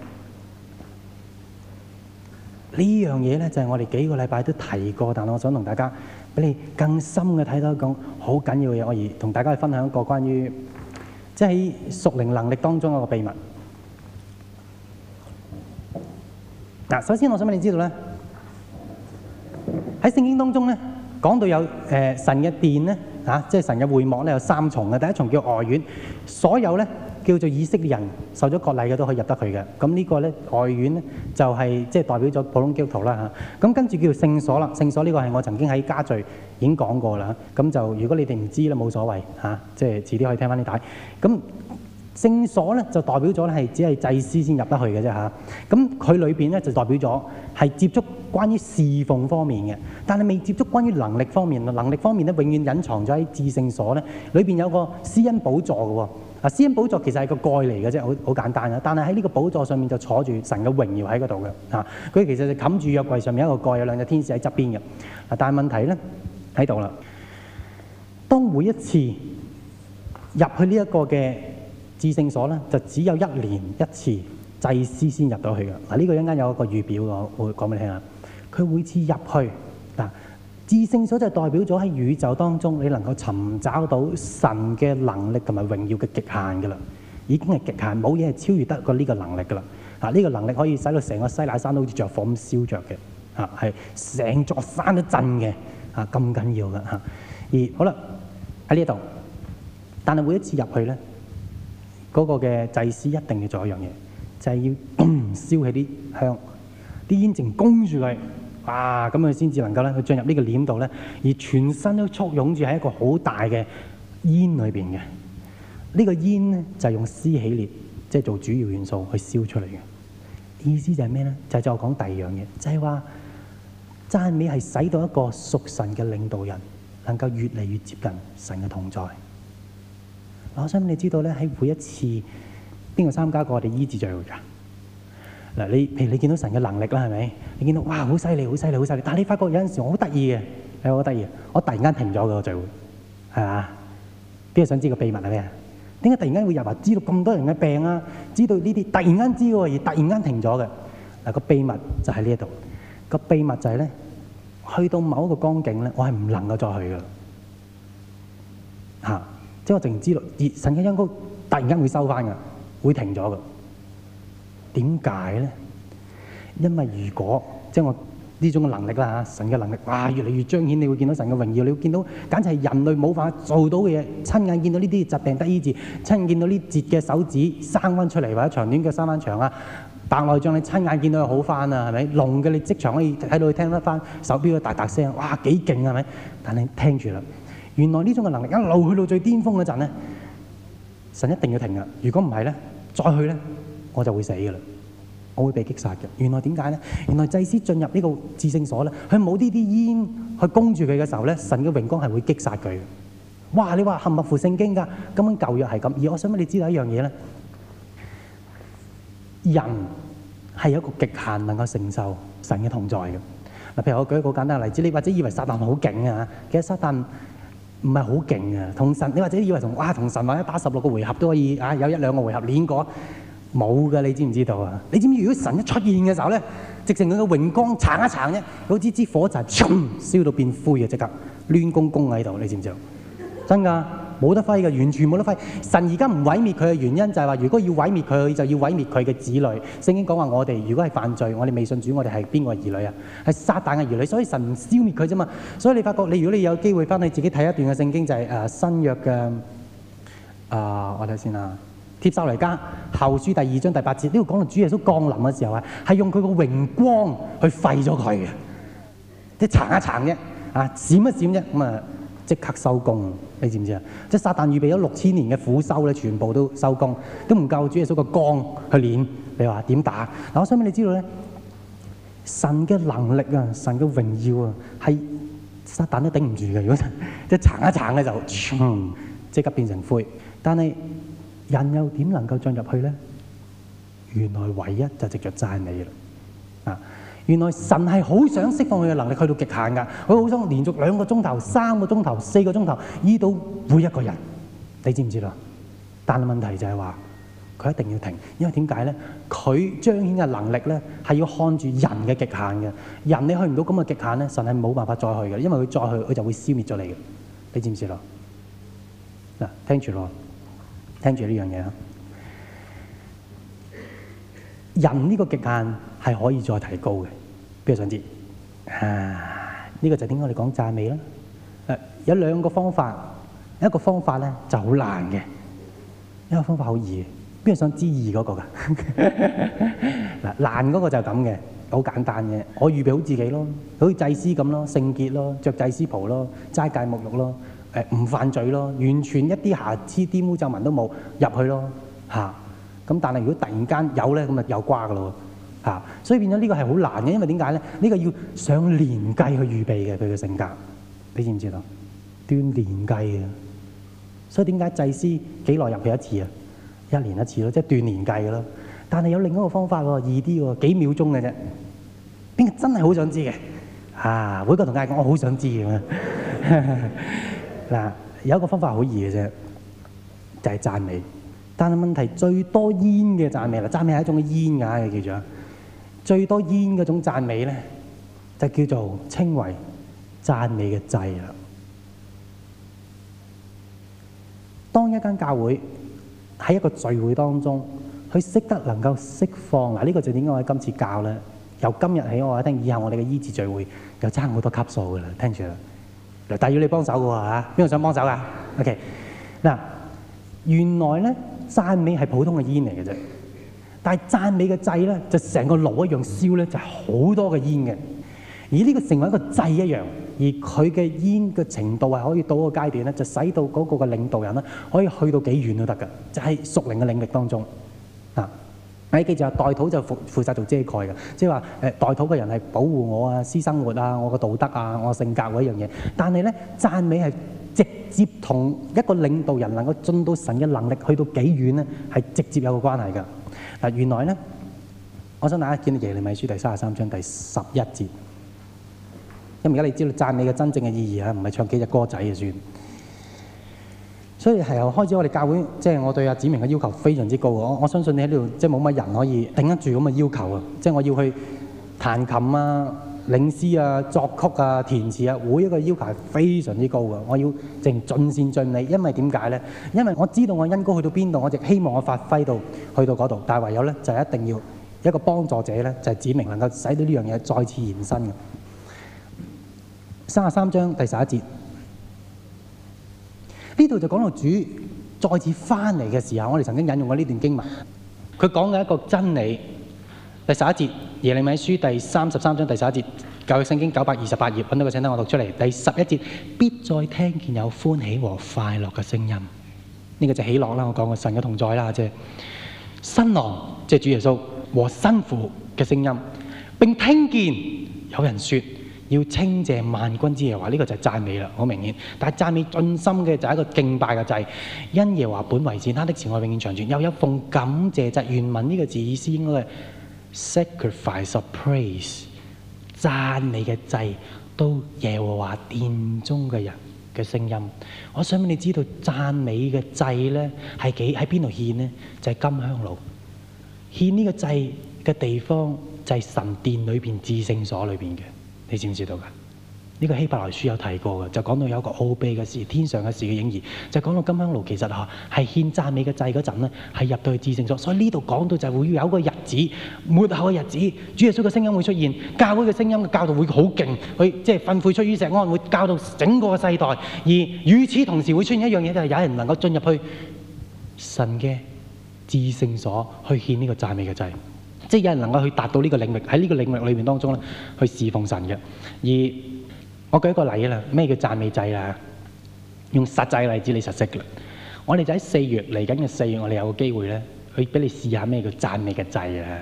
這樣呢樣嘢咧就係、是、我哋幾個禮拜都提過，但係我想同大家。俾你更深嘅睇到一個好緊要嘅嘢，我而同大家去分享一個關於即係屬靈能力當中一個秘密。嗱，首先我想畀你知道咧，喺聖經當中咧，講到有誒神嘅殿咧吓，即係神嘅會幕咧有三重嘅，第一重叫外院，所有咧。叫做以色列人受咗割禮嘅都可以入得去嘅。咁呢個咧外院咧就係即係代表咗普通基督徒啦嚇。咁跟住叫做聖所啦、啊就是，聖所呢個係我曾經喺家聚已經講過啦。咁就如果你哋唔知咧冇所謂嚇，即係遲啲可以聽翻啲帶。咁聖所咧就代表咗咧係只係祭司先入得去嘅啫嚇。咁佢裏邊咧就代表咗係接觸關於侍奉方面嘅，但係未接觸關於能力方面。能力方面咧永遠隱藏咗喺至聖所咧裏邊有個施恩寶座嘅喎。嗱，私隱寶座其實係個蓋嚟嘅啫，好簡單嘅。但係喺呢個寶座上面就坐住神嘅榮耀喺嗰度嘅。啊，佢其實就冚住約櫃上面一個蓋，有兩個天使喺側邊嘅。但係問題咧喺度啦。當每一次入去呢一個嘅知聖所呢，就只有一年一次祭司先入到去嘅。嗱，呢個一間有一個預表嘅，會講俾你聽啊。佢每次入去。至聖所就代表咗喺宇宙當中，你能夠尋找到神嘅能力同埋榮耀嘅極限噶啦，已經係極限，冇嘢係超越得過呢個能力噶啦。吓，呢個能力可以使到成個西乃山都好似着火咁燒着嘅，吓，係成座山都震嘅，吓，咁緊要噶吓。而好啦，喺呢度，但係每一次入去咧，嗰個嘅祭司一定要做一樣嘢，就係要燒起啲香，啲煙淨供住佢。哇、啊！咁佢先至能夠咧，佢進入呢個簾度咧，而全身都簇擁住喺一個好大嘅煙裏邊嘅。呢、這個煙就係用絲起裂，即、就、係、是、做主要元素去燒出嚟嘅。意思就係咩咧？就係、是、我講第二樣嘢，就係話讚美係使到一個屬神嘅領導人能夠越嚟越接近神嘅同在。我想你知道咧，喺每一次邊個參加過我哋醫治聚會㗎？你譬如你見到神嘅能力啦，係咪？你見到哇，好犀利，好犀利，好犀利！但你發覺有陣時我好得意嘅，係我得意，我會突然間停咗個聚會，係啊？邊個想知個秘密係咩？點解突然間會入話知道咁多人嘅病啊？知道呢啲突然間知道而突然間停咗嘅嗱，個秘密就喺呢一度。個秘密就係、那個密就係、去到某一個光景我係唔能夠再去嘅啦。嚇、啊！即我突然知道，神嘅陰公突然間會收返嘅，會停咗點解咧？因為如果即係我呢種嘅能力啦嚇，神嘅能力，哇！越嚟越彰顯，你會見到神嘅榮耀，你會見到簡直係人類冇法做到嘅嘢，親眼見到呢啲疾病得醫治，親見到呢截嘅手指生翻出嚟，或者長短嘅生翻長啊，白內障咧，親眼見到佢好翻啊，係咪？聾嘅你即場可以喺度去聽得翻手錶嘅大大聲，哇！幾勁啊，係咪？但係聽住啦，原來呢種嘅能力一路去到最巔峯嗰陣咧，神一定要停啊！如果唔係咧，再去咧。我就會死嘅啦，我會被擊殺嘅。原來點解咧？原來祭司進入呢個致聖所咧，佢冇呢啲煙去供住佢嘅時候咧，神嘅榮光係會擊殺佢。哇！你話冚密附聖經噶咁樣舊約係咁。而我想問你知道一樣嘢咧，人係有一個極限能夠承受神嘅同在嘅嗱。譬如我舉一個簡單嘅例子，你或者以為撒旦好勁啊，其實撒旦唔係好勁啊。同神你或者以為同哇同神玩一打十六個回合都可以啊，有一兩個回合練過。冇噶，你知唔知道啊？你知唔知如果神一出現嘅時候咧，直情佢嘅榮光撐一撐啫，好似支、支火柴，熊燒到變灰啊！即刻攣弓弓喺度，你知唔知啊？真噶，冇得揮嘅，完全冇得揮。神而家唔毀滅佢嘅原因就係話，如果要毀滅佢，佢就要毀滅佢嘅子女。聖經講話，我哋如果係犯罪，我哋未信主，我哋係邊個兒女啊？係撒旦嘅兒女，所以神唔消滅佢啫嘛。所以你發覺，你如果你有機會翻去自己睇一段嘅聖經，就係誒新約嘅啊，我睇下先啦。帖撒羅尼加後書第二章第八節，呢度講到主耶穌降臨嘅時候啊，係用佢個榮光去廢咗佢嘅，即係撐一撐啫，啊閃一閃啫，咁啊即刻收工，你知唔知啊？即係撒但預備咗六千年嘅苦修咧，全部都收工，都唔夠主耶穌個光去練，你話點打？嗱，我想畀你知道咧，神嘅能力啊，神嘅榮耀啊，係撒旦都頂唔住嘅，如果即係撐一撐咧就、嗯、即刻變成灰，但係。人又點能夠進入去呢？原來唯一就直著讚你啦，啊！原來神係好想釋放佢嘅能力去到極限噶，佢好想連續兩個鐘頭、三個鐘頭、四個鐘頭醫到每一個人，你知唔知啦？但問題就係話佢一定要停，因為點解呢？佢彰顯嘅能力呢，係要看住人嘅極限嘅，人你去唔到咁嘅極限呢，神係冇辦法再去嘅，因為佢再去佢就會消滅咗你嘅，你知唔知啦？嗱，聽住咯。聽住呢樣嘢啦，人呢個極限係可以再提高嘅。邊個想知？啊，呢、這個就點解我哋講讚美啦？誒、啊，有兩個方法，一個方法咧就好難嘅，一個方法好易嘅。邊個想知易嗰、那個㗎？嗱， 難嗰個就咁嘅，好簡單嘅。我預備好自己咯，好似祭司咁咯，聖潔咯，着祭司袍咯，齋戒沐浴咯。誒、欸、唔犯罪咯，完全一啲瑕疵、一啲污漬紋都冇入去咯嚇。咁、啊、但係如果突然間有咧，咁啊又瓜㗎咯嚇。所以變咗呢個係好難嘅，因為點解咧？呢、呢個要上年計去預備嘅佢嘅性格，你知唔知道？端年計嘅。所以點解祭司幾耐入去一次啊？一年一次咯，即係斷年計嘅咯。但係有另一個方法喎，易啲喎，幾秒鐘嘅啫。邊個真係好想知嘅？啊，每個同介講，我好想知咁樣。 嗱，有一個方法好易嘅啫，就係、是、讚美。但係問題最多煙嘅讚美啦，讚美係一種煙眼嘅記住啊！最多煙嗰種，種讚美咧，就叫做稱為讚美嘅祭啦。當一間教會喺一個聚會當中，佢識得能夠釋放嗱，呢、這個就點解我今次教咧？由今日起，我一聽以後我哋嘅醫治聚會又差好多級數㗎啦，聽住啦。嚟，但要你幫手嘅喎嚇，邊個想幫手噶？OK，嗱，原來咧讚美係普通嘅煙嚟嘅啫，但係讚美嘅祭咧就成個爐一樣燒咧，就係好多嘅煙嘅，而呢個成為一個祭一樣，而佢嘅煙嘅程度係可以到個階段咧，就使到嗰個嘅領導人咧可以去到幾遠都得嘅，就係屬靈嘅領域當中啊。你記住啊，代土就負負責做遮蓋嘅，即係話代土嘅人係保護我啊、私生活啊、我個道德啊、我個性格嗰一樣嘢，但係呢，讚美係直接同一個領導人能夠進到神嘅能力去到幾遠呢？係直接有個關係㗎。原來呢，我想大家見到耶利米書第三十三章第十一節，因為而家你知道讚美嘅真正嘅意義啊，唔係唱幾隻歌仔就算。所以係由開始，我哋教會即係、就是、我對阿子明嘅要求非常之高。我我相信你喺度即係冇乜人可以頂得住咁嘅要求啊！即、就是、我要去彈琴啊、領詩啊、作曲啊、填詞啊，每一個要求係非常之高嘅。我要盡盡善盡美，因為點解呢？因為我知道我恩膏去到邊度，我就希望我發揮到去到嗰度。但係唯有呢，就是、一定要一個幫助者呢，就係、是、子明能夠使到呢樣嘢再次延伸。三十三章第十一節。呢度就講到主再次翻嚟嘅時候，我哋曾經引用過呢段經文，佢講嘅一個真理。第十一節，耶利米書第三十三章第十一節，舊約聖經九百二十八頁，揾到個請等我讀出嚟。第十一節，必再聽見有歡喜和快樂嘅聲音，呢、這個就喜樂啦。我講過神嘅同在啦，即係新郎，即、就、係、是、主耶穌和新婦嘅聲音，並聽見有人說。要稱謝萬軍之耶和華，呢個就係讚美啦，好明顯。但係讚美盡心嘅就係一個敬拜嘅祭，因耶和華本為善，他的慈愛永遠長存。又有一奉感謝，就原文呢個字意思應該係 sacrifice of praise，讚美嘅祭，到耶和華殿中嘅人嘅聲音。我想俾你知道讚美嘅祭咧，係幾喺邊度獻咧？就係金香爐獻呢個祭嘅地方就係神殿裏邊至聖所裏邊嘅。你知唔知道噶？呢、這個希伯來書有提過嘅，就講到有一個奧秘嘅事，天上嘅事嘅影兒，就講到金香爐其實嚇係獻讚美嘅祭嗰陣咧，係入到去至聖所。所以呢度講到就會有一個日子，末後嘅日子，主耶穌嘅聲音會出現，教會嘅聲音嘅教導會好勁，佢即係訓誨出於錫安，會教到整個世代。而與此同時會出現一樣嘢，就係、是、有人能夠進入去神嘅至聖所去獻呢個讚美嘅祭。即係有人能夠去達到呢個領域，喺呢個領域裏面當中咧，去侍奉神嘅。而我舉一個例啦，咩叫讚美祭呀？用實際例子你實識嘅。我哋就喺四月嚟緊嘅四月，我哋有個機會咧，去俾你試下咩叫讚美嘅祭啊！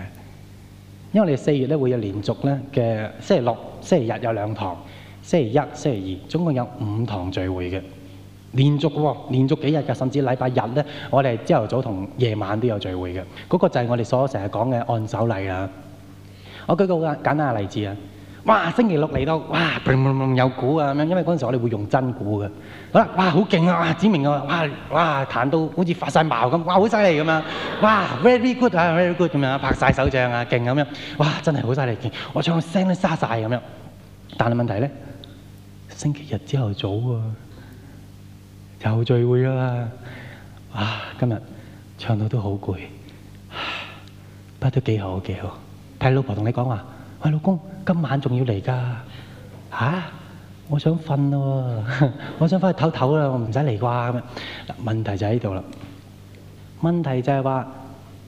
因為我哋四月咧會有連續咧嘅星期六、星期日有兩堂，星期一、星期二總共有五堂聚會嘅。連續喎，連續幾日嘅，甚至禮拜日咧，我哋朝頭早同夜晚都有聚會嘅。嗰、嗰個就係我哋所成日講嘅按手禮啦。我舉個簡單嘅例子啊，哇，星期六嚟到，哇 boom boom boom 有鼓啊咁樣，因為嗰陣時我哋會用真鼓嘅。啊，哇，好勁啊，哇，子明啊，哇，哇，彈到好似發晒毛咁，哇，好犀利咁樣。哇，very good 啊，very good 咁樣，拍晒手掌啊，勁咁樣。哇，啊哇啊啊啊啊啊、哇真係好犀利勁，我唱聲都沙晒咁樣。但係問題咧，星期日朝頭早啊。又聚會啦！啊，今日唱到都好攰，不過都幾好幾好。睇老婆同你講話，喂，老公，今晚仲要嚟㗎？嚇、啊，我想瞓咯，我想翻去唞唞啦，我唔使嚟啩咁。問題就喺度啦。問題就係話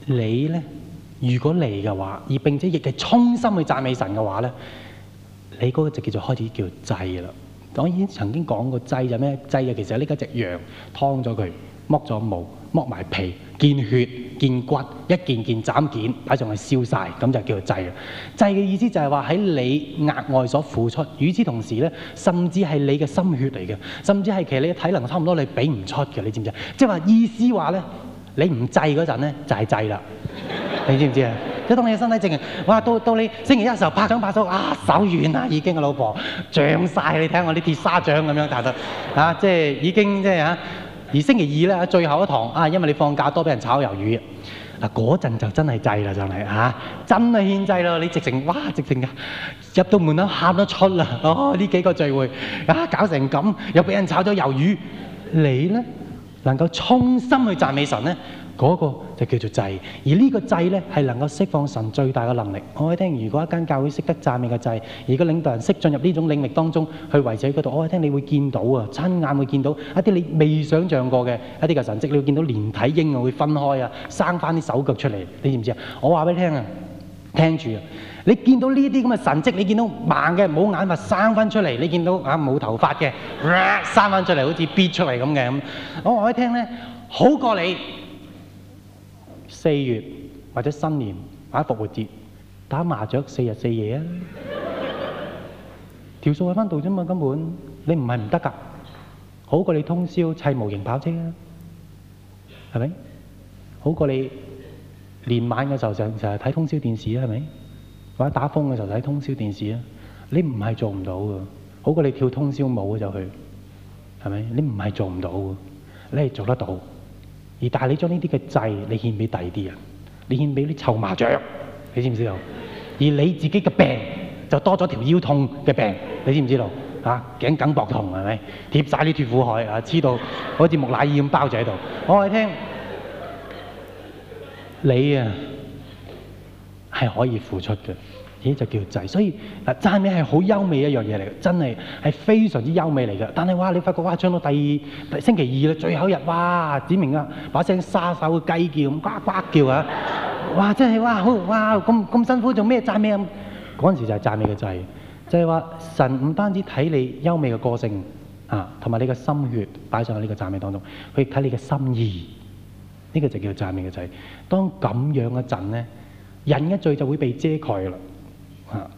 你咧，如果嚟嘅話，而並且亦係衷心去讚美神嘅話咧，你嗰個就叫做開始叫制啦。我已經曾經講過祭就咩？祭啊，其實呢拎隻羊，劏咗佢，剝咗毛，剝埋皮，見血見骨，一件件斬件，擺上去燒晒，咁就叫做祭啦。祭嘅意思就係話喺你額外所付出，與此同時咧，甚至係你嘅心血嚟嘅，甚至係其實你嘅體能差唔多，你俾唔出嘅，你知唔知？即係話意思話咧，你唔祭嗰陣咧，就係祭啦。 你知唔知啊？一係當你身體靜明，哇！到到你星期一嘅時候，拍掌拍手啊，手軟啊，已經個老婆漲晒，你睇我啲鐵砂掌咁樣打得啊，即係已經即係啊，而星期二咧，最後一堂啊，因為你放假多，俾人炒魷魚啊，嗰陣就真係滯啦，就、啊、係真係獻祭咯。你直情哇，直情嘅入到門都喊得出啦。哦、啊，呢幾個聚會啊，搞成咁又俾人炒咗魷魚，你咧能夠衷心去讚美神咧？嗰個就叫做祭，而呢個祭咧係能夠釋放神最大嘅能力。我喺聽，如果一間教會識得讚美嘅祭，而個領導人識進入呢種領域當中去維持嗰度，我喺聽，你會見到啊，親眼會見到一啲你未想像過嘅一啲嘅神跡，你會見到連體嬰啊會分開啊，生翻啲手腳出嚟，你知唔知啊？我話俾你聽啊，聽住啊，你見到呢啲咁嘅神跡，你見到盲嘅冇眼咪生翻出嚟，你見到啊冇頭髮嘅生翻出嚟，好似逼出嚟咁嘅咁。我話俾你聽咧，好過你。四月或者新年或者復活節打麻雀四日四夜啊，條數喺翻度啫嘛，根本是你唔係唔得噶好過你通宵砌模型跑車啊，係咪？好過你連晚嘅時候就就係睇通宵電視啊，係咪？或者打風嘅時候睇通宵電視啊，你唔係做唔到噶好過你跳通宵舞就去，係咪？你唔係做唔到噶你係做得到。而但係你將呢啲嘅掣，你獻俾第二啲人，你獻俾啲臭麻雀，你知唔知道？而你自己嘅病就多咗條腰痛嘅病，你知唔知道？嚇、啊，頸梗膊痛係咪？貼曬啲脫褲海啊，黐到好似木乃伊咁包住喺度。我、哦、話你聽啊，係可以付出嘅。咦，就叫祭，所以嗱讚美係好優美一樣嘢嚟，真係係非常之優美嚟嘅。但係哇，你發覺哇，唱到第二、星期二啦，最後一日哇，子明啊，把聲沙手個雞叫咁呱呱叫啊！哇，真係哇好哇咁咁辛苦做咩讚美啊？嗰陣時就係讚美嘅祭，就係、是、話神唔單止睇你優美嘅個性啊，同埋你嘅心血擺上去呢個讚美當中，去睇你嘅心意。呢、這個就叫讚美嘅祭。當咁樣嘅陣咧，人嘅罪就會被遮蓋啦。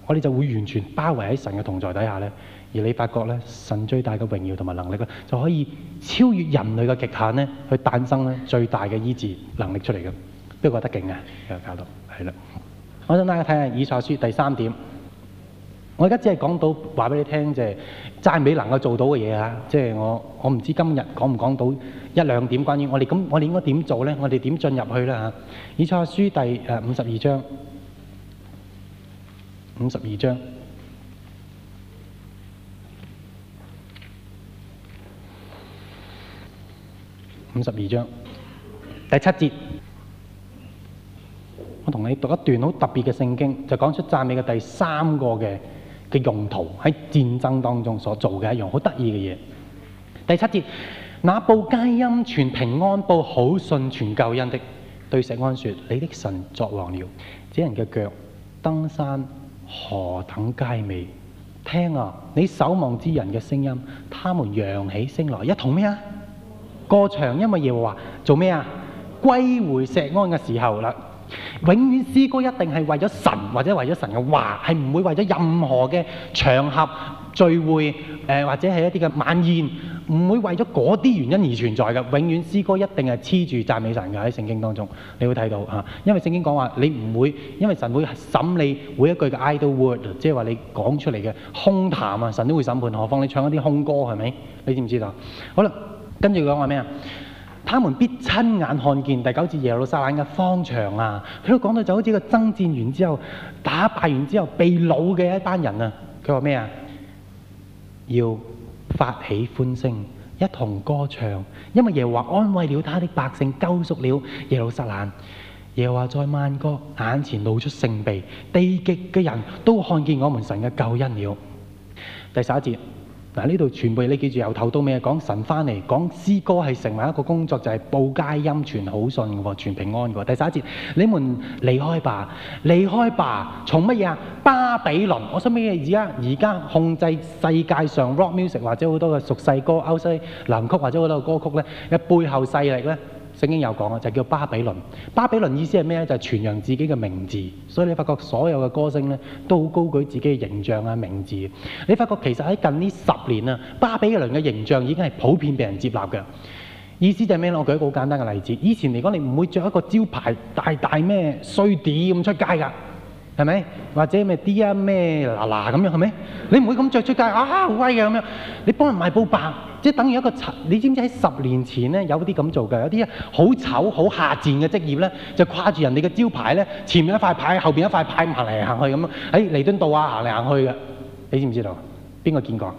我哋就會完全包圍喺神嘅同在底下呢。而你發覺呢，神最大嘅榮耀同埋能力咧，就可以超越人類嘅極限呢，去誕生咧最大嘅醫治能力出嚟嘅，都覺得勁嘅，誒、呢個，教導係啦。我想大家睇下以賽書第三點。我而家只係講到話俾你聽就係，讚美能夠做到嘅嘢啊，即係我我唔知今日講唔講到一兩點關於我哋咁，我哋應該點做呢？我哋點進入去咧？嚇！以賽書第誒五十二章。五十二章，五十二章第七節，我同你讀一段好特別嘅聖經，就講出讚美嘅第三個嘅嘅用途，喺戰爭當中所做嘅一樣好得意嘅嘢。第七節，那報佳音傳平安，報好信傳救恩的，對錫安說：你的神作王了。這人嘅腳登山。何等佳美！聽啊，你守望之人嘅聲音，他們揚起聲來，一同咩啊？過場，因為耶和華做咩啊？歸回錫安嘅時候啦！永遠詩歌一定係為咗神，或者為咗神嘅話，係唔會為咗任何嘅場合聚會，誒、呃、或者係一啲嘅晚宴。唔會為咗嗰啲原因而存在嘅，永遠詩歌一定係黐住讚美神嘅喺聖經當中，你會睇到吓，因為聖經講話你唔會，因為神會審你每一句嘅 idle word，即係話你講出嚟嘅空談啊，神都會審判，何況你唱一啲空歌係咪？你知唔知道？好啦，跟住講話咩啊？他們必親眼看見第九次耶路撒冷嘅荒場啊！佢都講到就好似一個爭戰完之後、打敗完之後被擄嘅一班人啊！佢話咩啊？要。發起歡聲，一同歌唱，因為耶和華安慰了他的百姓，救贖了耶路撒冷。耶和華在萬國眼前露出聖臂，地極嘅人都看見我們神嘅救恩了。第十一節。嗱，呢度全部你記住，由頭到尾講神翻嚟，講詩歌係成為一個工作，就係、是、報佳音、傳好信嘅傳平安喎。第十一節，你們離開吧，離開吧。從乜嘢啊？巴比倫，我收尾而家而家控制世界上 rock music 或者好多嘅俗世歌、歐西藍曲或者好多的歌曲呢，嘅背後勢力呢。聖經有講啊，就叫巴比倫。巴比倫意思係咩呢？就係傳揚自己嘅名字，所以你發覺所有嘅歌星呢，都好高舉自己嘅形象啊、名字。你發覺其實喺近呢十年啊，巴比倫嘅形象已經係普遍被人接納嘅。意思就係咩呢？我舉一個好簡單嘅例子，以前嚟講，你唔會着一個招牌大大咩衰啲咁出街㗎。係咪？或者咩啲 啊咩嗱嗱咁樣係咪？你唔會咁着出街啊，好威啊咁樣？你幫人賣布白，即係等於一個你知唔知喺十年前咧有啲咁做嘅？有啲啊好醜、好下賤嘅職業咧，就掛住人哋嘅招牌咧，前面一塊牌，後邊一塊牌行嚟行去咁樣喺彌敦道啊行嚟行去嘅。你知唔知道？邊個見過？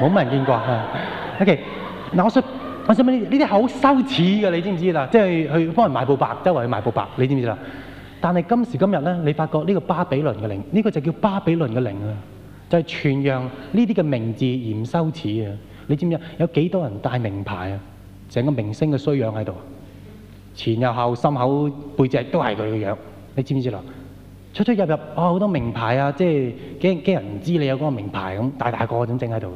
冇 乜人見過啊？OK，嗱我想我想問呢呢啲好羞恥嘅，你知唔知啦？即係去幫人賣布白，周圍去賣布白，你知唔知啦？但係今時今日咧，你發覺呢個巴比倫嘅靈，呢、呢個就叫巴比倫嘅靈啊，就係傳揚呢啲嘅名字而唔羞恥啊！你知唔知有幾多人戴名牌啊？成個明星嘅衰樣喺度啊！前又後、心口、背脊都係佢嘅樣，你知唔知啦？出出入入啊，好多名牌啊，即係驚驚人唔知你有嗰個名牌咁，大大個咁整喺度。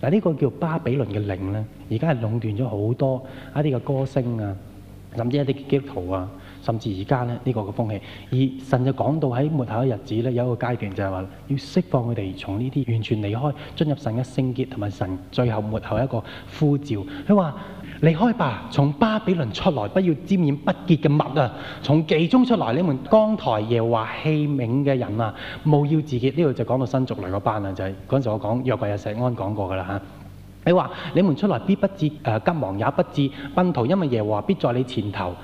嗱，呢個叫巴比倫嘅靈咧，而家係壟斷咗好多一啲嘅歌星啊，甚至一啲基督徒啊。甚至而家咧呢、呢個嘅風氣，而神就講到喺末後嘅日子呢，有一個階段，就係話要釋放佢哋從呢啲完全離開，進入神嘅聖潔同埋神最後末後一個呼召。佢話：離開吧，從巴比倫出來，不要沾染不潔嘅物啊！從其中出來，你們扛抬耶和華器皿嘅人啊，務要自潔。」呢度就講到新族類個班啦，就係嗰陣時我講約伯嘅石安講過噶啦嚇。你、啊、話：你們出來必不至誒急忙也不至奔逃，因為耶和華必在你前頭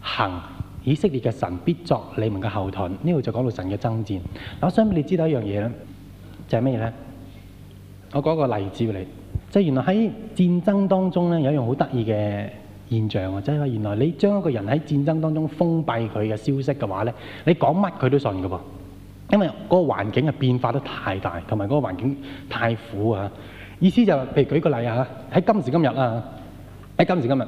行。以色列嘅神必作你們嘅後盾，呢度就講到神嘅爭戰。我想俾你知道一樣嘢咧，就係咩咧？我講個例子俾你，即係原來喺戰爭當中咧有一樣好得意嘅現象啊！即係原來你將一個人喺戰爭當中封閉佢嘅消息嘅話咧，你講乜佢都信嘅噃，因為嗰個環境係變化得太大，同埋嗰個環境太苦啊！意思就譬如舉個例啊，喺今時今日啊，喺今時今日。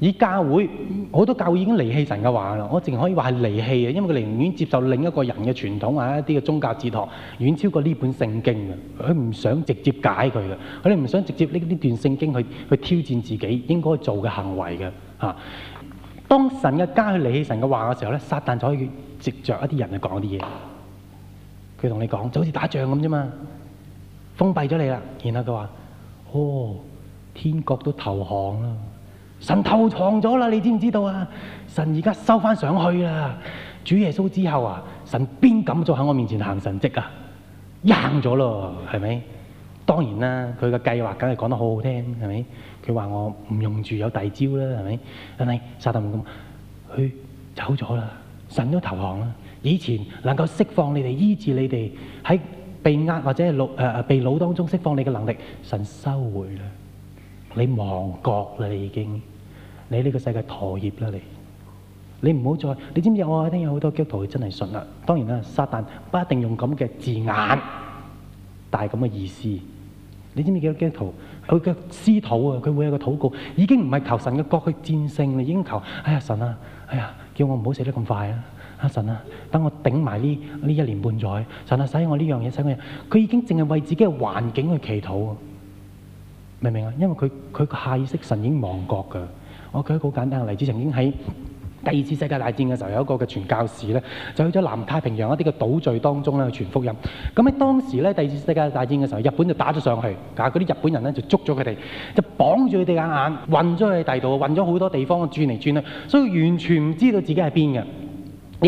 以教會好多教會已經離棄神嘅話啦，我淨可以話係離棄嘅，因為佢寧願接受另一個人嘅傳統啊，一啲嘅宗教哲學遠超過呢本聖經嘅，佢唔想直接解佢嘅，佢哋唔想直接拎呢段聖經去去挑戰自己應該做嘅行為嘅嚇、啊。當神嘅家去離棄神嘅話嘅時候咧，撒旦就可以藉着一啲人去講啲嘢。佢同你講就好似打仗咁啫嘛，封閉咗你啦。然後佢話：哦，天國都投降啦。神投降咗啦，你知唔知道啊？神而家收翻上去啦。主耶穌之後啊，神邊敢再喺我面前行神蹟啊？硬咗咯，係咪？當然啦，佢嘅計劃梗係講得好好聽，係咪？佢話我唔用住有第二招啦，係咪？但係撒旦咁，佢走咗啦。神都投降啦。以前能夠釋放你哋醫治你哋喺被壓或者係腦誒誒被腦當中釋放你嘅能力，神收回啦。你亡國啦，你已經，你呢個世界妥協啦，你，你唔好再，你知唔知啊？我聽有好多基督徒真係信啦。當然啦，撒旦不一定用咁嘅字眼，但係咁嘅意思。你知唔知幾個基督徒？佢嘅私禱啊，佢會有個禱告，已經唔係求神嘅國去戰勝啦，已經求，哎呀神啊，哎呀叫我唔好死得咁快啊，阿、哎、神啊，等我頂埋呢呢一年半載，神啊使我呢樣嘢，使乜？佢已經淨係為自己嘅環境去祈禱啊！明唔明啊？因為佢佢個下意識神已經亡國㗎。我舉一個好簡單嘅例子，曾經喺第二次世界大戰嘅時候，有一個嘅傳教士咧，就去咗南太平洋一啲嘅島嶼當中咧去傳福音。咁喺當時咧第二次世界大戰嘅時候，日本就打咗上去，啊嗰啲日本人咧就捉咗佢哋，就綁住佢哋眼眼，運咗去第度，運咗好多地方轉嚟轉去，所以完全唔知道自己喺邊嘅，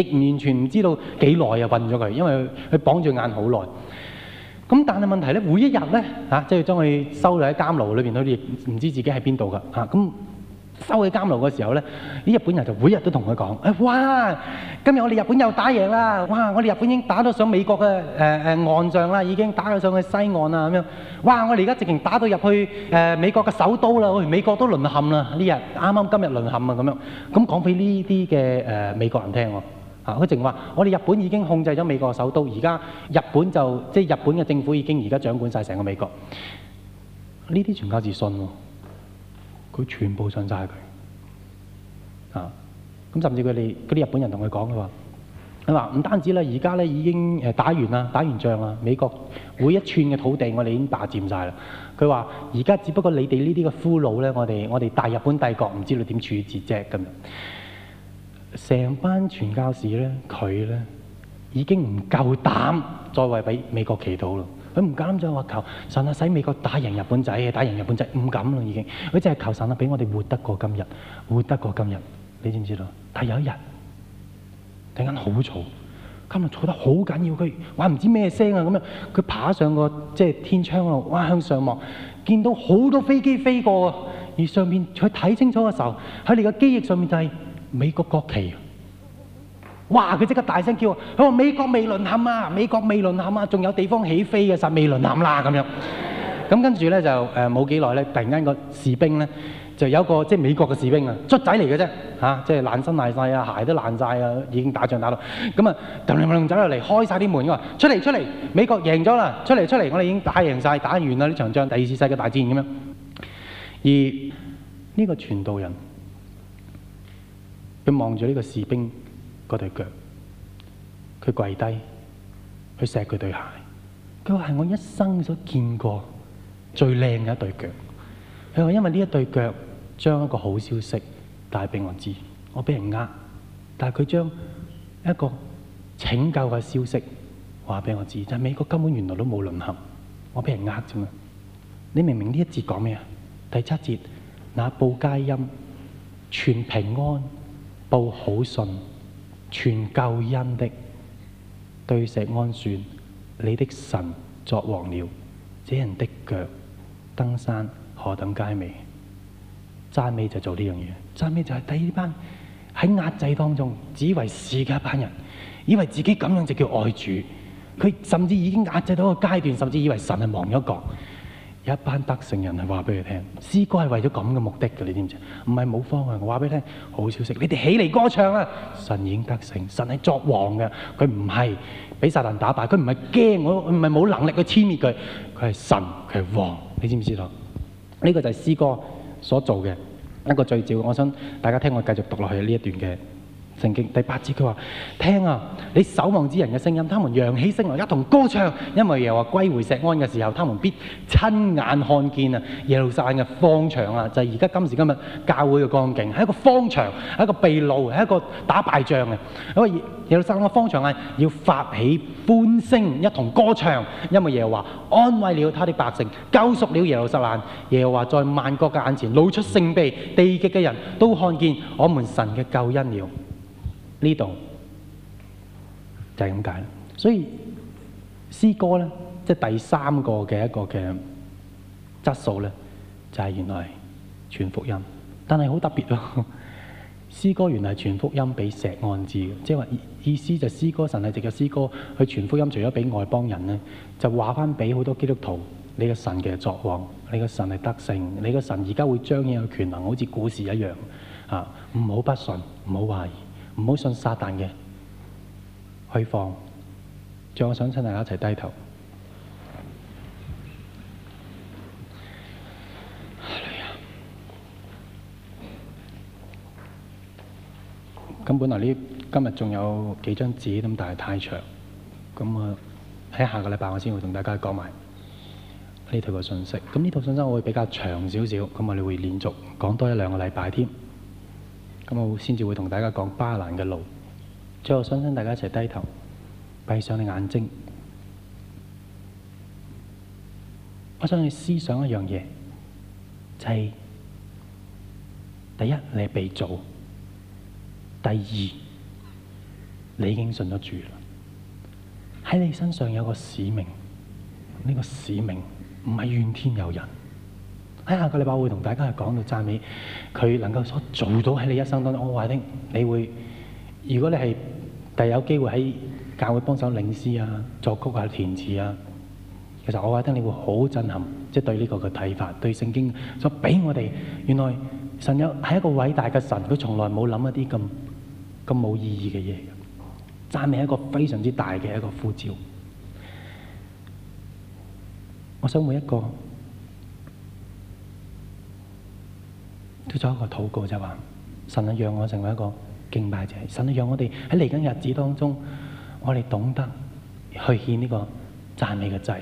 亦完全唔知道幾耐啊運咗佢，因為佢綁住眼好耐。咁但係問題咧，每一日咧嚇，即係將佢收咗喺監牢裏邊，佢哋唔知自己喺邊度噶嚇。咁收喺監牢嘅時候咧，啲日本人就每日都同佢講，啊，哇！今日我哋日本又打贏啦！哇！我哋日本已經打到上美國嘅誒誒岸上啦，已經打到上去西岸啦咁樣。哇！我哋而家直情打到入去誒美國嘅首都啦，我哋美國都淪陷啦！呢日啱啱今日淪陷啊咁樣。咁講俾呢啲嘅誒美國人聽喎。佢淨話：我哋日本已經控制咗美國首都，而家日本就即係日本嘅政府已經而家掌管晒成個美國。呢啲全靠自信喎，佢全部信晒佢啊！咁甚至佢哋嗰啲日本人同佢講嘅話，佢話唔單止咧，而家咧已經誒打完啦，打完仗啦，美國每一寸嘅土地我哋已經霸佔晒啦。佢話：而家只不過你哋呢啲嘅俘虜咧，我哋我哋大日本帝國唔知道點處置啫咁樣。成班傳教士咧，佢咧已經唔夠膽再為俾美國祈禱咯。佢唔敢再話求神啊，使美國打贏日本仔，打贏日本仔唔敢咯，已經。佢淨係求神啊，俾我哋活得過今日，活得過今日，你知唔知道？但有一日，突然間好嘈，今日嘈得好緊要，佢話唔知咩聲啊咁樣。佢爬上個即係天窗嗰度，哇向上望，見到好多飛機飛過。而上面，佢睇清楚嘅時候，喺你嘅機翼上面就係、是。美國國旗啊！哇！佢即刻大聲叫，佢話美國未淪陷啊！美國未淪陷啊！仲有地方起飛嘅、啊，實未淪陷啦、啊、咁樣。咁 跟住咧就誒冇幾耐咧，突然間個士兵咧就有個即係美國嘅士兵的啊，卒仔嚟嘅啫嚇，即係爛身爛晒啊，鞋都爛晒啊，已經打仗打到咁啊，噔嚟噔走入嚟開晒啲門，佢話出嚟出嚟，美國贏咗啦！出嚟出嚟，我哋已經打贏晒，打完啦呢場仗，第二次世界大戰咁樣。而呢個傳道人。佢望住呢個士兵嗰對腳，佢跪低去錫佢對鞋。佢話係我一生所見過最靚嘅一對腳。佢話因為呢一對腳將一個好消息帶俾我知，我俾人呃，但係佢將一個拯救嘅消息話俾我知。就係美國根本原來都冇淪陷，我俾人呃啫嘛。你明明呢一節講咩啊？第七節那報佳音，傳平安。報好信，傳救恩的，對錫安說，你的神作王了。這人的腳登山何等佳美！讚美就做呢樣嘢，讚美就係第二班喺壓制當中，只以為是嘅一班人，以為自己咁樣就叫愛主。佢甚至已經壓制到個階段，甚至以為神係亡咗國。一班得勝人係話俾佢聽，詩歌係為咗咁嘅目的嘅，你知唔知？唔係冇方向我話俾你聽，好消息，你哋起嚟歌唱啊！神已經得勝，神係作王嘅，佢唔係俾撒但打敗，佢唔係驚，佢唔係冇能力去殲滅佢，佢係神，佢係王，你知唔知道？呢、呢個就係詩歌所做嘅一個預兆。我想大家聽我繼續讀落去呢一段嘅。聖經第八節，佢話：聽啊，你守望之人嘅聲音，他們揚起聲來一同歌唱，因為耶和華歸回錫安嘅時候，他們必親眼看見啊耶路撒冷嘅荒場啊，就係而家今時今日教會嘅光景，係一個荒場，係一個秘路，係一個打敗仗嘅。因為耶路撒冷嘅荒場啊，要發起歡聲一同歌唱，因為耶和華安慰了他的百姓，救贖了耶路撒冷，耶和華在萬國嘅眼前露出聖臂，地極嘅人都看見我們神嘅救恩了。呢度就係咁解，所以詩歌咧，即係第三個嘅一個嘅質素咧，就係、是、原來傳福音，但係好特別咯、啊。詩歌原來傳福音俾錫安知。即係話意思就詩歌神係藉著詩歌去傳福音，除咗俾外邦人咧，就話翻俾好多基督徒，你嘅神嘅作王，你嘅神係得勝，你嘅神而家會將嘢嘅權能好似故事一樣，啊，唔好不信，唔好懷疑。唔好信撒旦嘅，去放。仲有想請大家一齊低頭。咁本來呢今日仲有幾張紙，咁但係太長，咁啊喺下個禮拜我先會同大家講埋呢條嘅信息。咁呢套信息我會比較長少少，咁我哋會連續講多一兩個禮拜添。咁我先至會同大家講巴蘭嘅路，最後想跟大家一齊低頭，閉上你眼睛。我想你思想一樣嘢，就係第一你被造，第二你已經信得住啦。喺你身上有個使命，呢個使命唔係怨天尤人。喺下個禮拜，我會同大家去講到讚美，佢能夠所做到喺你一生當中。我話你聽，你會如果你係第有機會喺教會幫手領詩啊、作曲啊、填詞啊，其實我話你聽，你會好震撼，即係對呢個嘅睇法，對聖經所俾我哋，原來神有係一個偉大嘅神，佢從來冇諗一啲咁咁冇意義嘅嘢。讚美係一個非常之大嘅一個呼召。我想每一個。都做一個禱告，就係話神啊，讓我成為一個敬拜者。神啊，讓我哋喺嚟緊日子當中，我哋懂得去獻呢個讚美嘅祭。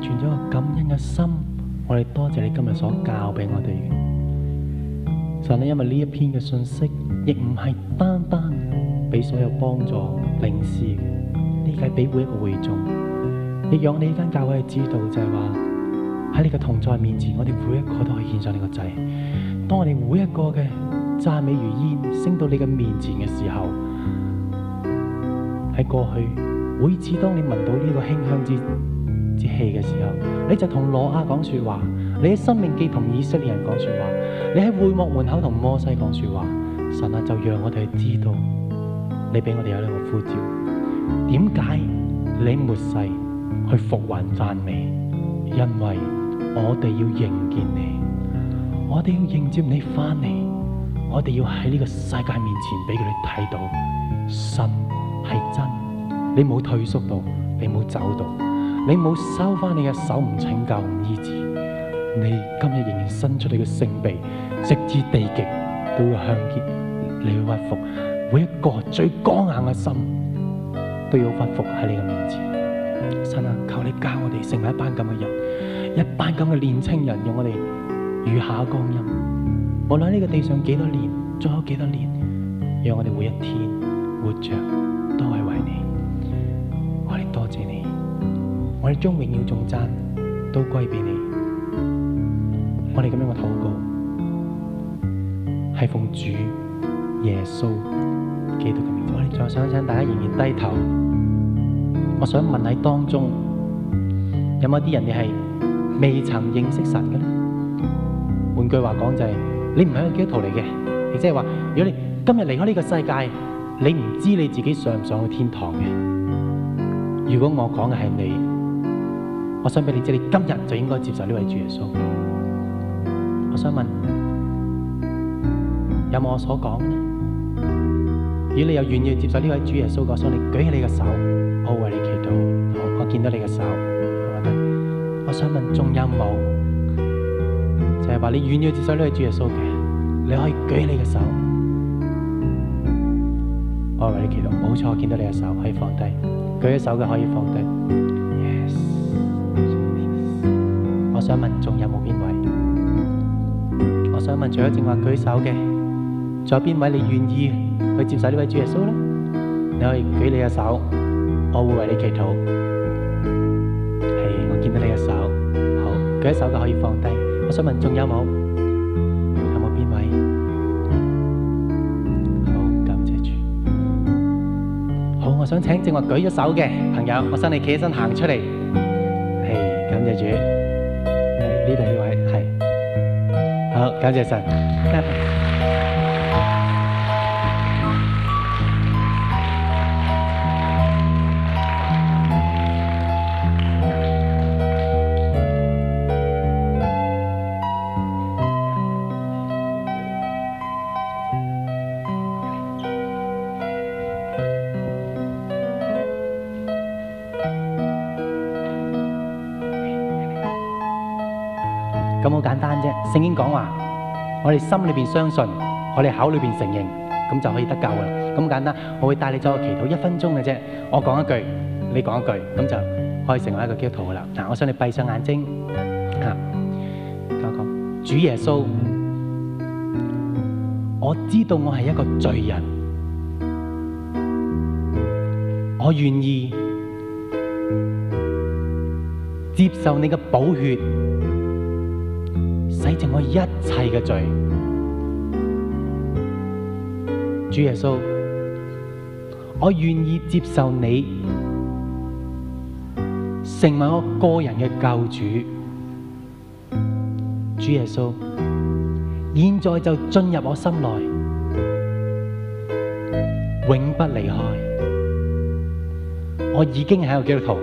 存咗個感恩嘅心，我哋多謝，謝你今日所教俾我哋。神呢，因為呢一篇嘅信息，亦唔係單單俾所有幫助，靈嘅，呢計俾每一個會眾。亦讓你呢間教會知道就，就係話喺你嘅同在面前，我哋每一個都可以獻上你個仔。當我哋每一個嘅讚美如煙升到你嘅面前嘅時候，喺過去每次當你聞到呢個馨香之氣嘅時候，你就同挪亞講說話；你喺生命記同以色列人講說話；你喺會幕門口同摩西講說話。神啊，就讓我哋去知道你俾我哋有兩個呼召。點解你末世去復還讚美？因為我哋要，要迎見你，我哋要迎接你翻嚟，我哋要喺呢個世界面前俾佢哋睇到神係真。你冇退縮到，你冇走到。你冇收翻你嘅手，唔請教唔醫治，你今日仍然伸出你嘅聖臂，直至地極都會向你，你去屈服。每一個最剛硬嘅心都要屈服喺你嘅面前。神啊，求你教我哋成為一班咁嘅人，一班咁嘅年青人，讓我哋餘下光陰。我喺呢個地上幾多年，仲有幾多年，讓我哋每一天活着。將榮耀頌讚都歸俾你，我哋咁樣嘅禱告係奉主耶穌基督嘅名。我哋再想請大家仍然低頭。我想問喺當中有冇一啲人哋係未曾認識神嘅咧？換句話講就係你唔係一個基督徒嚟嘅，亦即係話，如果你今日離開呢個世界，你唔知你自己上唔上去天堂嘅。如果我講嘅係你。我想俾你知，你今日就應該接受呢位主耶穌。我想問，有冇我所講？如果你有願意接受呢位主耶穌嘅，我想你舉起你嘅手，我為你祈禱。我，我見到你嘅手，我想問仲有冇？就係話你願意接受呢位主耶穌嘅，你可以舉起你嘅手，我為你祈禱。冇錯，我見到你嘅手，可以放低。舉起手嘅可以放低。想問仲有冇邊位？我想問，除咗正話舉手嘅,仲有邊位你願意去接受呢位主耶穌咧？你可以舉你嘅手，我會爲你祈禱。係，我見到你嘅手。好，舉手就可以放低。我想問，仲有冇？有冇邊位？好，感謝主。好，我想請正話舉咗手嘅朋友，我想你企起身行出嚟。係，感謝主。感謝神。咁好簡單啫，聖經講話。我哋心裏邊相信，我哋口裏邊承認，咁就可以得救噶啦，咁簡單。我會帶你再祈禱一分鐘嘅啫，我講一句，你講一句，咁就可以成為一個基督徒噶啦。嗱，我想你閉上眼睛，吓、啊，我講，主耶穌，我知道我係一個罪人，我願意接受你嘅寶血。一切嘅罪，主耶穌，我願意接受你成為我個人嘅救主。主耶穌，現在就進入我心內，永不離開。我已經係個基督徒，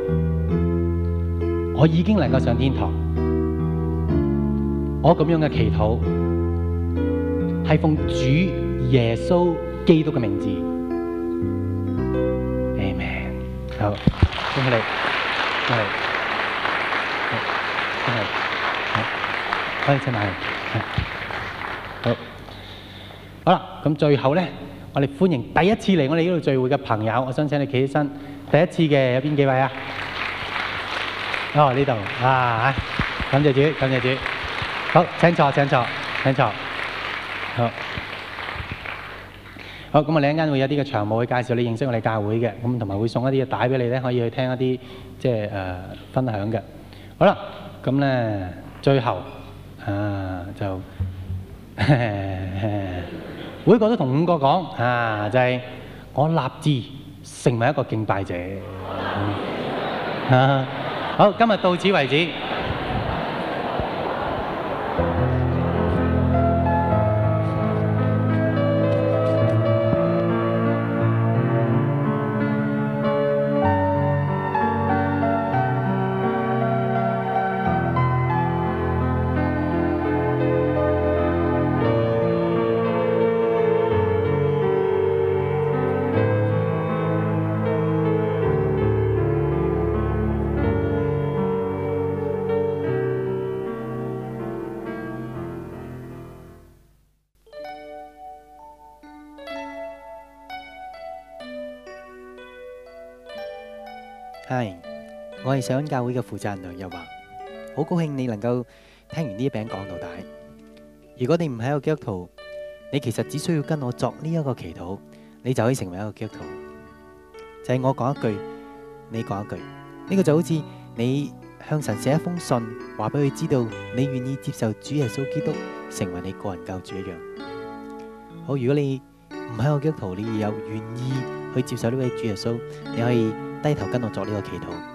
我已經能夠上天堂。我咁樣嘅祈禱係奉主耶穌基督嘅名字，amen。好歡迎你，歡迎，歡迎，請心好，好啦，咁最後咧，我哋歡迎第一次嚟我哋呢度聚會嘅朋友，我想請你企起身，第一次嘅有邊幾位啊？哦，呢度啊，感謝主，感謝主。好，請坐，請坐，請坐。好，好，咁我哋一陣會有啲嘅場務去介紹你認識我哋教會嘅，咁同埋會送一啲嘅帶俾你咧，可以去聽一啲即係誒分享嘅。好啦，咁咧最後啊就每個都同五個講啊，就係、 啊就係、我立志成為一個敬拜者。 嗯啊、好，今日到此為止。上恩教會嘅負責人梁又話：好高興你能夠聽完呢一篇講到大。如果你唔係個基督徒，你其實只需要跟我作呢一個祈禱，你就可以成為一個基督徒。就係我講一句，你講一句，呢個就好似你向神寫一封信，話俾佢知道你願意接受主耶穌基督成為你個人救主一樣。好，如果你唔係個基督徒，你有願意去接受呢位主耶穌，你可以低頭跟我作呢個祈禱。